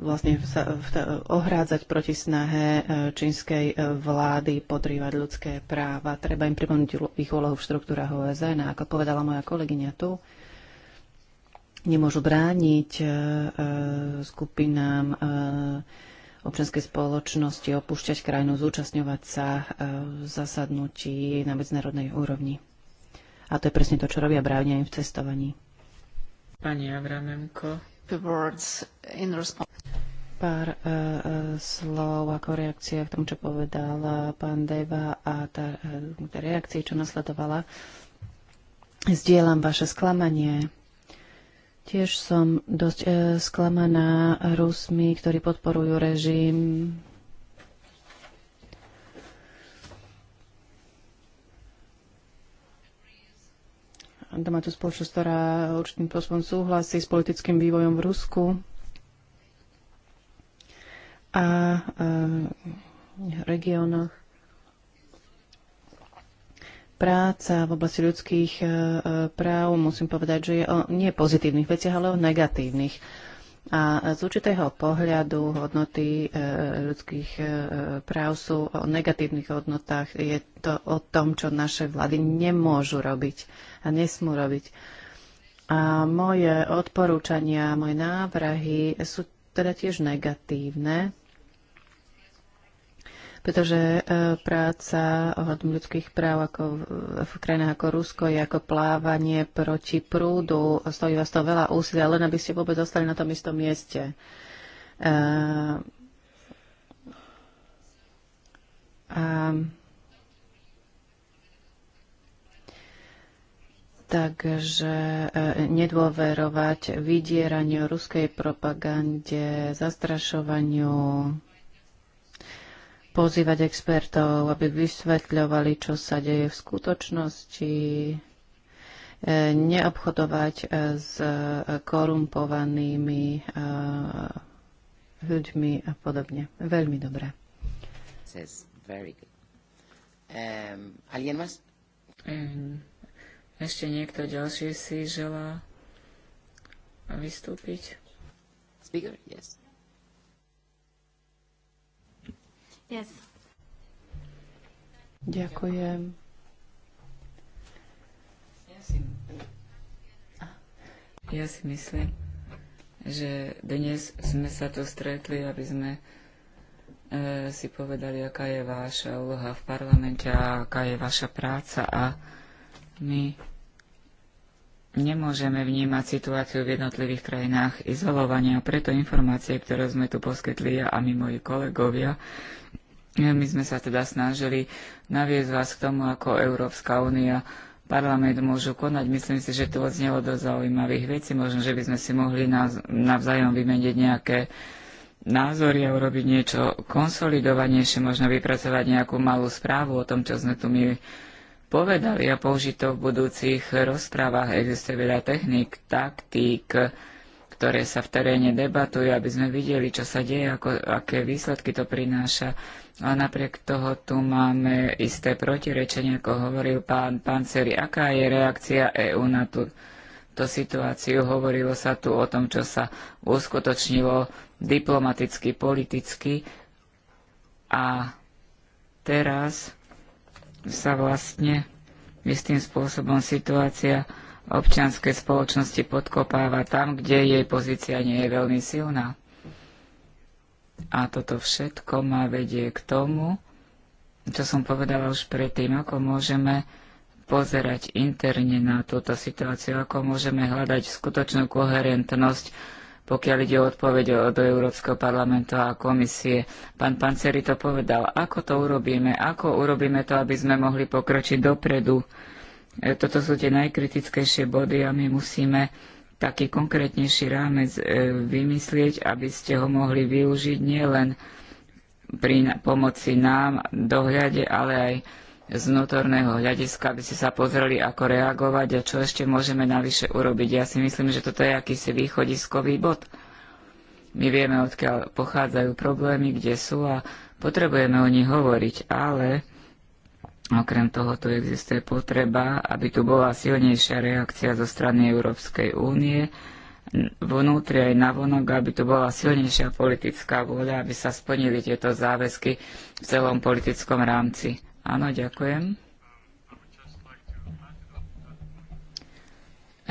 vlastne sa e, ohrádzať proti snahe e, čínskej vlády podrývať ľudské práva. Treba im pripomnúť ich úlohu v štruktúrach OSN. A ako povedala moja kolegyňa tu, nemôžu brániť skupinám občianskej spoločnosti opúšťať krajinu, zúčastňovať sa e, v zasadnutí na medzinárodnej úrovni. A to je presne to, čo robia brávne v cestovaní.
Pani Avramenko.
Pár uh, slov ako reakcia k tomu, čo povedal pán Deva a tá, uh, reakcia, čo nasledovala. Zdieľam vaše sklamanie Tiež som dosť e, sklamaná Rusmi, ktorí podporujú režim. Doma tu spoločnosť, ktorá určitým spôsobom súhlasí s politickým vývojom v Rusku. A e, regiónoch práca v oblasti ľudských e, e, práv, musím povedať, že je o nie pozitívnych veciach, ale o negatívnych. A z určitého pohľadu hodnoty e, ľudských práv sú o negatívnych hodnotách. Je to o tom, čo naše vlády nemôžu robiť a nesmú robiť. A moje odporúčania, moje návrhy sú teda tiež negatívne pretože e, práca ohľadom ľudských práv ako v krajinách ako Rusko je ako plávanie proti prúdu. Stojí vás to veľa úsilia, len aby ste vôbec zostali na tom istom mieste. E, a, Takže e, nedôverovať vydieraniu ruskej propagande, zastrašovaniu, pozývať expertov, aby vysvetľovali, čo sa deje v skutočnosti, e, neobchodovať e, s korumpovanými e, ľuďmi a podobne. Veľmi dobré.
Um, mm, Ešte niekto ďalší si želá vystúpiť? Speaker? Yes. Yes. Ďakujem. Ja si, myslím, že dnes sme sa tu stretli, aby sme e, si povedali, aká je váša úloha v parlamente a aká je vaša práca a my nemôžeme vnímať situáciu v jednotlivých krajinách izolovania, preto informácie, ktoré sme tu poskytli ja a my moji kolegovia, my sme sa teda snažili naviesť vás k tomu, ako Európska únia parlament môžu konať. Myslím si, že to odznelo do zaujímavých vecí. Možno, že by sme si mohli navzájom vymeniť nejaké názory a urobiť niečo konsolidovanejšie, možno vypracovať nejakú malú správu o tom, čo sme tu my povedali a použiť to v budúcich rozprávach. Existuje veľa technik, taktík, ktoré sa v teréne debatujú, aby sme videli, čo sa deje, ako, aké výsledky to prináša. A napriek toho tu máme isté protirečenie, ako hovoril pán Panceri. Aká je reakcia EÚ na tú, túto situáciu? Hovorilo sa tu o tom, čo sa uskutočnilo diplomaticky, politicky. A teraz sa vlastne istým spôsobom situácia občianskej spoločnosti podkopáva tam, kde jej pozícia nie je veľmi silná. A toto všetko má vedie k tomu, čo som povedala už predtým, ako môžeme pozerať interne na túto situáciu, ako môžeme hľadať skutočnú koherentnosť, pokiaľ ide o odpoveď do Európskeho parlamentu a komisie. Pán Panceri to povedal, ako to urobíme, ako urobíme to, aby sme mohli pokročiť dopredu E, toto sú tie najkritickejšie body a my musíme taký konkrétnejší rámec e, vymyslieť, aby ste ho mohli využiť nielen pri pomoci nám dohľade, ale aj z vnútorného hľadiska, aby ste sa pozreli, ako reagovať a čo ešte môžeme navyše urobiť. Ja si myslím, že toto je akýsi východiskový bod. My vieme, odkiaľ pochádzajú problémy, kde sú a potrebujeme o nich hovoriť, ale Okrem toho tu existuje potreba, aby tu bola silnejšia reakcia zo strany Európskej únie, vnútri aj navonok, aby tu bola silnejšia politická vôľa, aby sa splnili tieto záväzky v celom politickom rámci. Áno, ďakujem.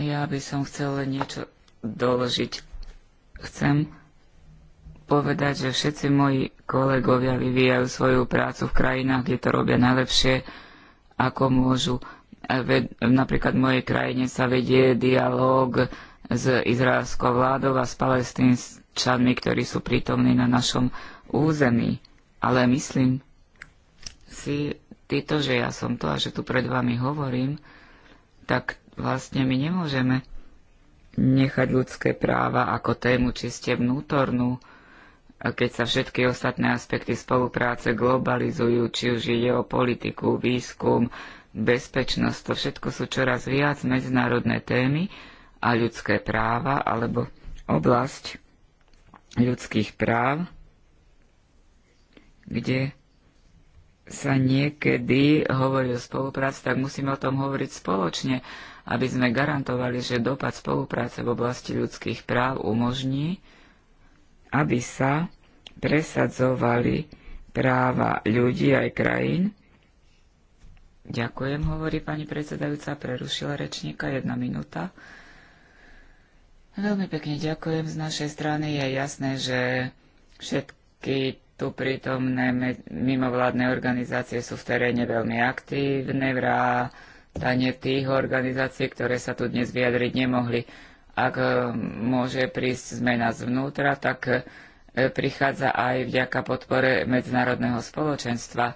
Ja by som chcel niečo doložiť. Chcem povedať, že všetci moji kolegovia vyvíjajú svoju prácu v krajinách, kde to robia najlepšie, ako môžu. Napríklad v mojej krajine sa vedie dialóg s izraelskou vládou a s palestínčanmi, ktorí sú prítomní na našom území. Ale myslím si títo, že ja som to a že tu pred vami hovorím, tak vlastne my nemôžeme nechať ľudské práva ako tému čiste vnútornú, keď sa všetky ostatné aspekty spolupráce globalizujú, či už ide o politiku, výskum, bezpečnosť, to všetko sú čoraz viac medzinárodné témy a ľudské práva alebo oblasť ľudských práv, kde sa niekedy hovorí o spolupráci, tak musíme o tom hovoriť spoločne, aby sme garantovali, že dopad spolupráce v oblasti ľudských práv umožní, aby sa presadzovali práva ľudí aj krajín. Ďakujem, hovorí pani predsedajúca, prerušila rečníka jedna minúta. Veľmi pekne ďakujem. Z našej strany je jasné, že všetky tu prítomné mimovládne organizácie sú v teréne veľmi aktívne, vrátane tých organizácií, ktoré sa tu dnes vyjadriť nemohli. Ak e, môže prísť zmena zvnútra, tak e, prichádza aj vďaka podpore medzinárodného spoločenstva. E,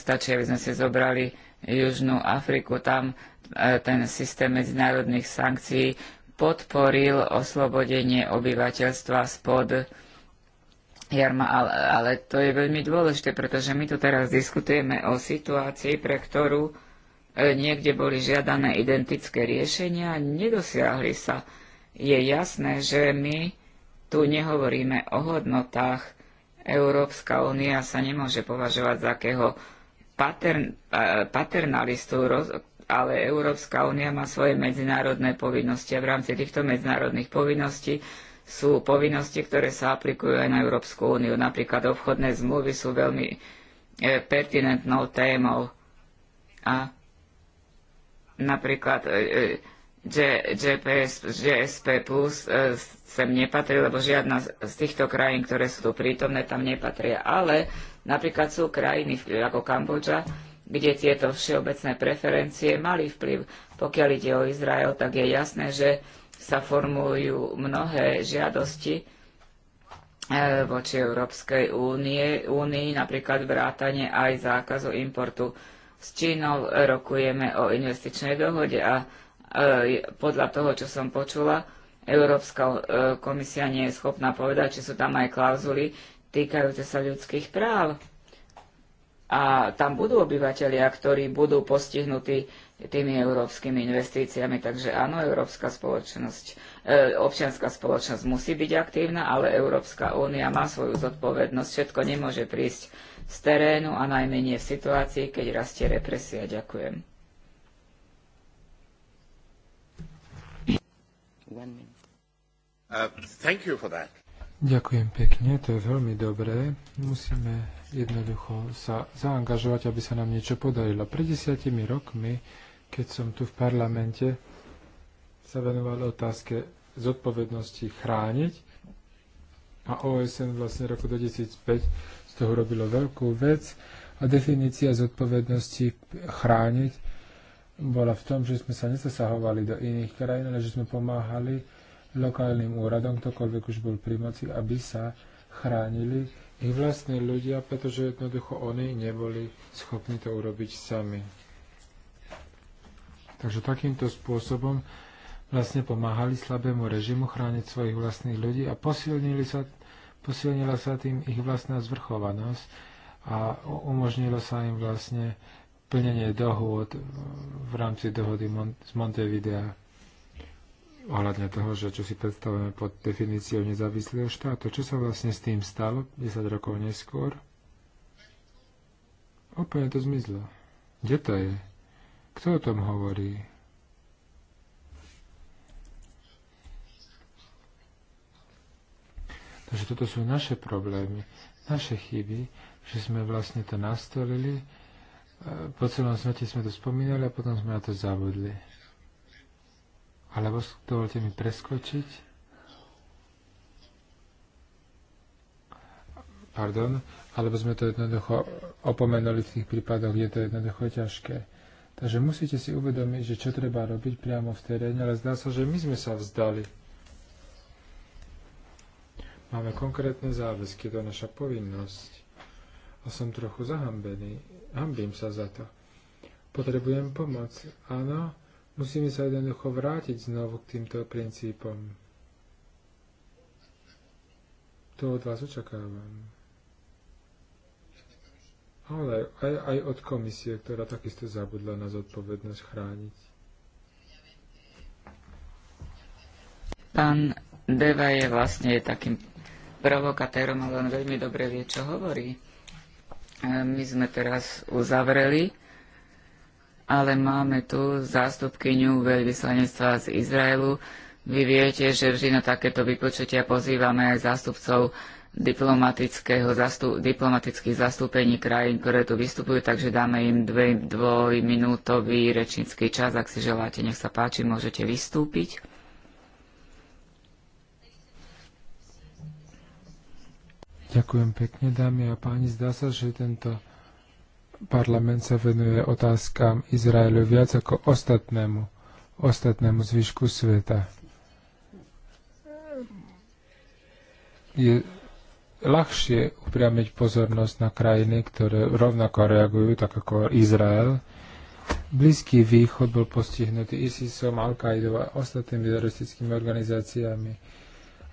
stačí, aby sme si zobrali Južnú Afriku, tam ten systém medzinárodných sankcií podporil oslobodenie obyvateľstva spod jarma, ale, ale to je veľmi dôležité, pretože my tu teraz diskutujeme o situácii, pre ktorú E, niekde boli žiadané identické riešenia, nedosiahli sa. Je jasné, že my tu nehovoríme o hodnotách. Európska únia sa nemôže považovať za akého patern, e, paternalistu, ale Európska únia má svoje medzinárodné povinnosti a v rámci týchto medzinárodných povinností sú povinnosti, ktoré sa aplikujú aj na Európsku úniu. Napríklad obchodné zmluvy sú veľmi e, pertinentnou témou. A Napríklad e, e, GPS, GSP+, plus, e, sem nepatrí, lebo žiadna z týchto krajín, ktoré sú tu prítomné, tam nepatria. Ale napríklad sú krajiny ako Kambodža, kde tieto všeobecné preferencie mali vplyv. Pokiaľ ide o Izrael, tak je jasné, že sa formujú mnohé žiadosti voči Európskej únie, únii, napríklad vrátanie aj zákazu importu s Čínou rokujeme o investičnej dohode a e, podľa toho, čo som počula, Európska e, komisia nie je schopná povedať, či sú tam aj klauzuly týkajúce sa ľudských práv. A tam budú obyvateľia, ktorí budú postihnutí tými európskymi investíciami. Takže áno, európska spoločnosť, e, občianská spoločnosť musí byť aktívna, ale Európska únia má svoju zodpovednosť. Všetko nemôže prísť z terénu a najmä nie v situácii, keď rastie represia. Ďakujem.
Uh,
Ďakujem pekne, to je veľmi dobré. Musíme jednoducho sa zaangažovať, aby sa nám niečo podarilo. Pred desiatimi rokmi, keď som tu v parlamente, sa venoval otázke zodpovednosti chrániť a OSN vlastne roku 2005 z toho robilo veľkú vec a definícia zodpovednosti chrániť bola v tom, že sme sa nezasahovali do iných krajín, ale že sme pomáhali lokálnym úradom, ktokoľvek už bol pri moci, aby sa chránili ich vlastní ľudia, pretože jednoducho oni neboli schopní to urobiť sami. Takže takýmto spôsobom vlastne pomáhali slabému režimu chrániť svojich vlastných ľudí a posilnili sa Posilnila sa tým ich vlastná zvrchovanosť a umožnilo sa im vlastne plnenie dohôd v rámci dohody Mon- z Montevidea ohľadne toho, že čo si predstavujeme pod definíciou nezávislého štátu. Čo sa vlastne s tým stalo 10 rokov neskôr? Úplne to zmizlo. Kde to je? Kto o tom hovorí? Takže toto sú naše problémy, naše chyby, že sme vlastne to nastolili, e, po celom svete sme to spomínali a potom sme na to zavodli. Alebo dovolte mi preskočiť. Pardon, alebo sme to jednoducho opomenuli v tých prípadoch, kde to je jednoducho ťažké. Takže musíte si uvedomiť, že čo treba robiť priamo v teréne, ale zdá sa, že my sme sa vzdali. Máme konkrétne záväzky, to je naša povinnosť. A som trochu zahambený. Hambím sa za to. Potrebujem pomoc. Áno, musíme sa jednoducho vrátiť znovu k týmto princípom. To od vás očakávam. Ale aj, aj od komisie, ktorá takisto zabudla na zodpovednosť chrániť.
Pán Deva je vlastne takým provokatérom, ale on veľmi dobre vie, čo hovorí. My sme teraz uzavreli, ale máme tu zástupkyňu veľvyslanectva z Izraelu. Vy viete, že vždy na takéto vypočutia pozývame aj zástupcov diplomatického zastu- diplomatických zastúpení krajín, ktoré tu vystupujú, takže dáme im dve, dvojminútový rečnícky čas. Ak si želáte, nech sa páči, môžete vystúpiť.
Ďakujem pekne, dámy a páni. Zdá sa, že tento parlament sa venuje otázkam Izraelu viac ako ostatnému, ostatnému zvyšku sveta. Je ľahšie upriamiť pozornosť na krajiny, ktoré rovnako reagujú, tak ako Izrael. Blízky východ bol postihnutý ISISom, Al-Qaidou a ostatnými teroristickými organizáciami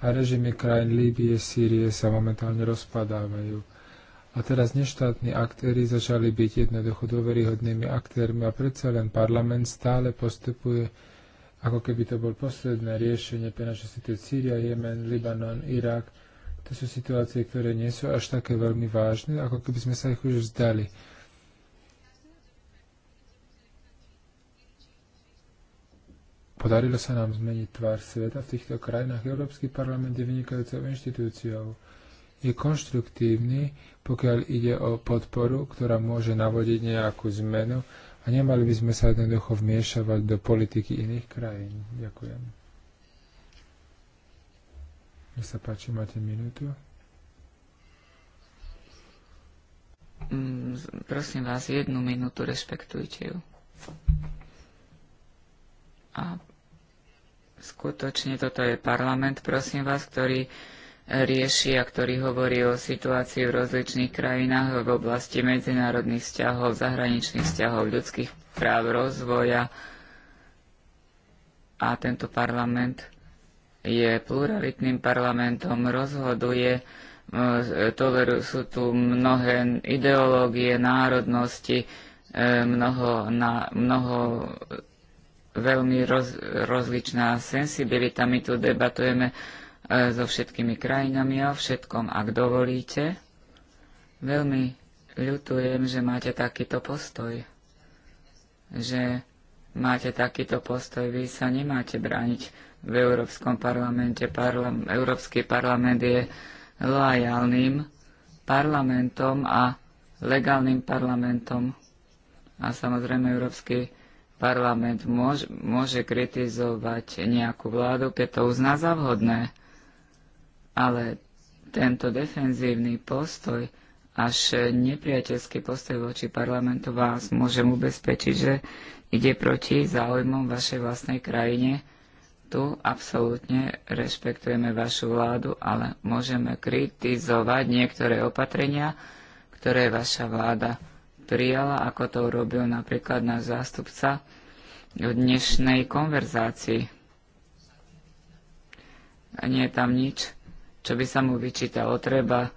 a režimy krajín Líbie, Sýrie sa momentálne rozpadávajú. A teraz neštátni aktéry začali byť jednoducho dôveryhodnými aktérmi a predsa len parlament stále postupuje, ako keby to bol posledné riešenie pre naše situácie Sýria, Jemen, Libanon, Irak. To sú situácie, ktoré nie sú až také veľmi vážne, ako keby sme sa ich už vzdali. Podarilo sa nám zmeniť tvár sveta v týchto krajinách. Európsky parlament je vynikajúcou inštitúciou. Je konštruktívny, pokiaľ ide o podporu, ktorá môže navodiť nejakú zmenu a nemali by sme sa jednoducho vmiešavať do politiky iných krajín. Ďakujem. Nech sa páči, máte minútu.
Mm, prosím vás, jednu minútu rešpektujte ju. A Skutočne toto je parlament, prosím vás, ktorý e, rieši a ktorý hovorí o situácii v rozličných krajinách v oblasti medzinárodných vzťahov, zahraničných vzťahov, ľudských práv, rozvoja. A tento parlament je pluralitným parlamentom, rozhoduje, e, toleru, sú tu mnohé ideológie, národnosti, e, mnoho, na, mnoho veľmi roz, rozličná sensibilita. My tu debatujeme e, so všetkými krajinami o všetkom, ak dovolíte. Veľmi ľutujem, že máte takýto postoj. Že máte takýto postoj, vy sa nemáte brániť v Európskom parlamente. Parlam, Európsky parlament je loajálnym parlamentom a legálnym parlamentom. A samozrejme Európsky parlament Parlament môže, môže kritizovať nejakú vládu, keď to uzná za vhodné. Ale tento defenzívny postoj, až nepriateľský postoj voči parlamentu vás môžem ubezpečiť, že ide proti záujmom vašej vlastnej krajine. Tu absolútne rešpektujeme vašu vládu, ale môžeme kritizovať niektoré opatrenia, ktoré vaša vláda prijala, ako to urobil napríklad náš zástupca v dnešnej konverzácii. A nie je tam nič, čo by sa mu vyčítalo. Treba,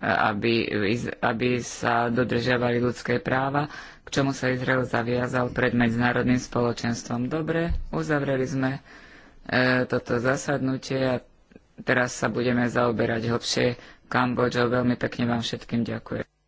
e, aby, aby sa dodržiavali ľudské práva, k čomu sa Izrael zaviazal pred medzinárodným spoločenstvom. Dobre, uzavreli sme e, toto zasadnutie a teraz sa budeme zaoberať hlbšie Kambodžou. Veľmi pekne vám všetkým ďakujem.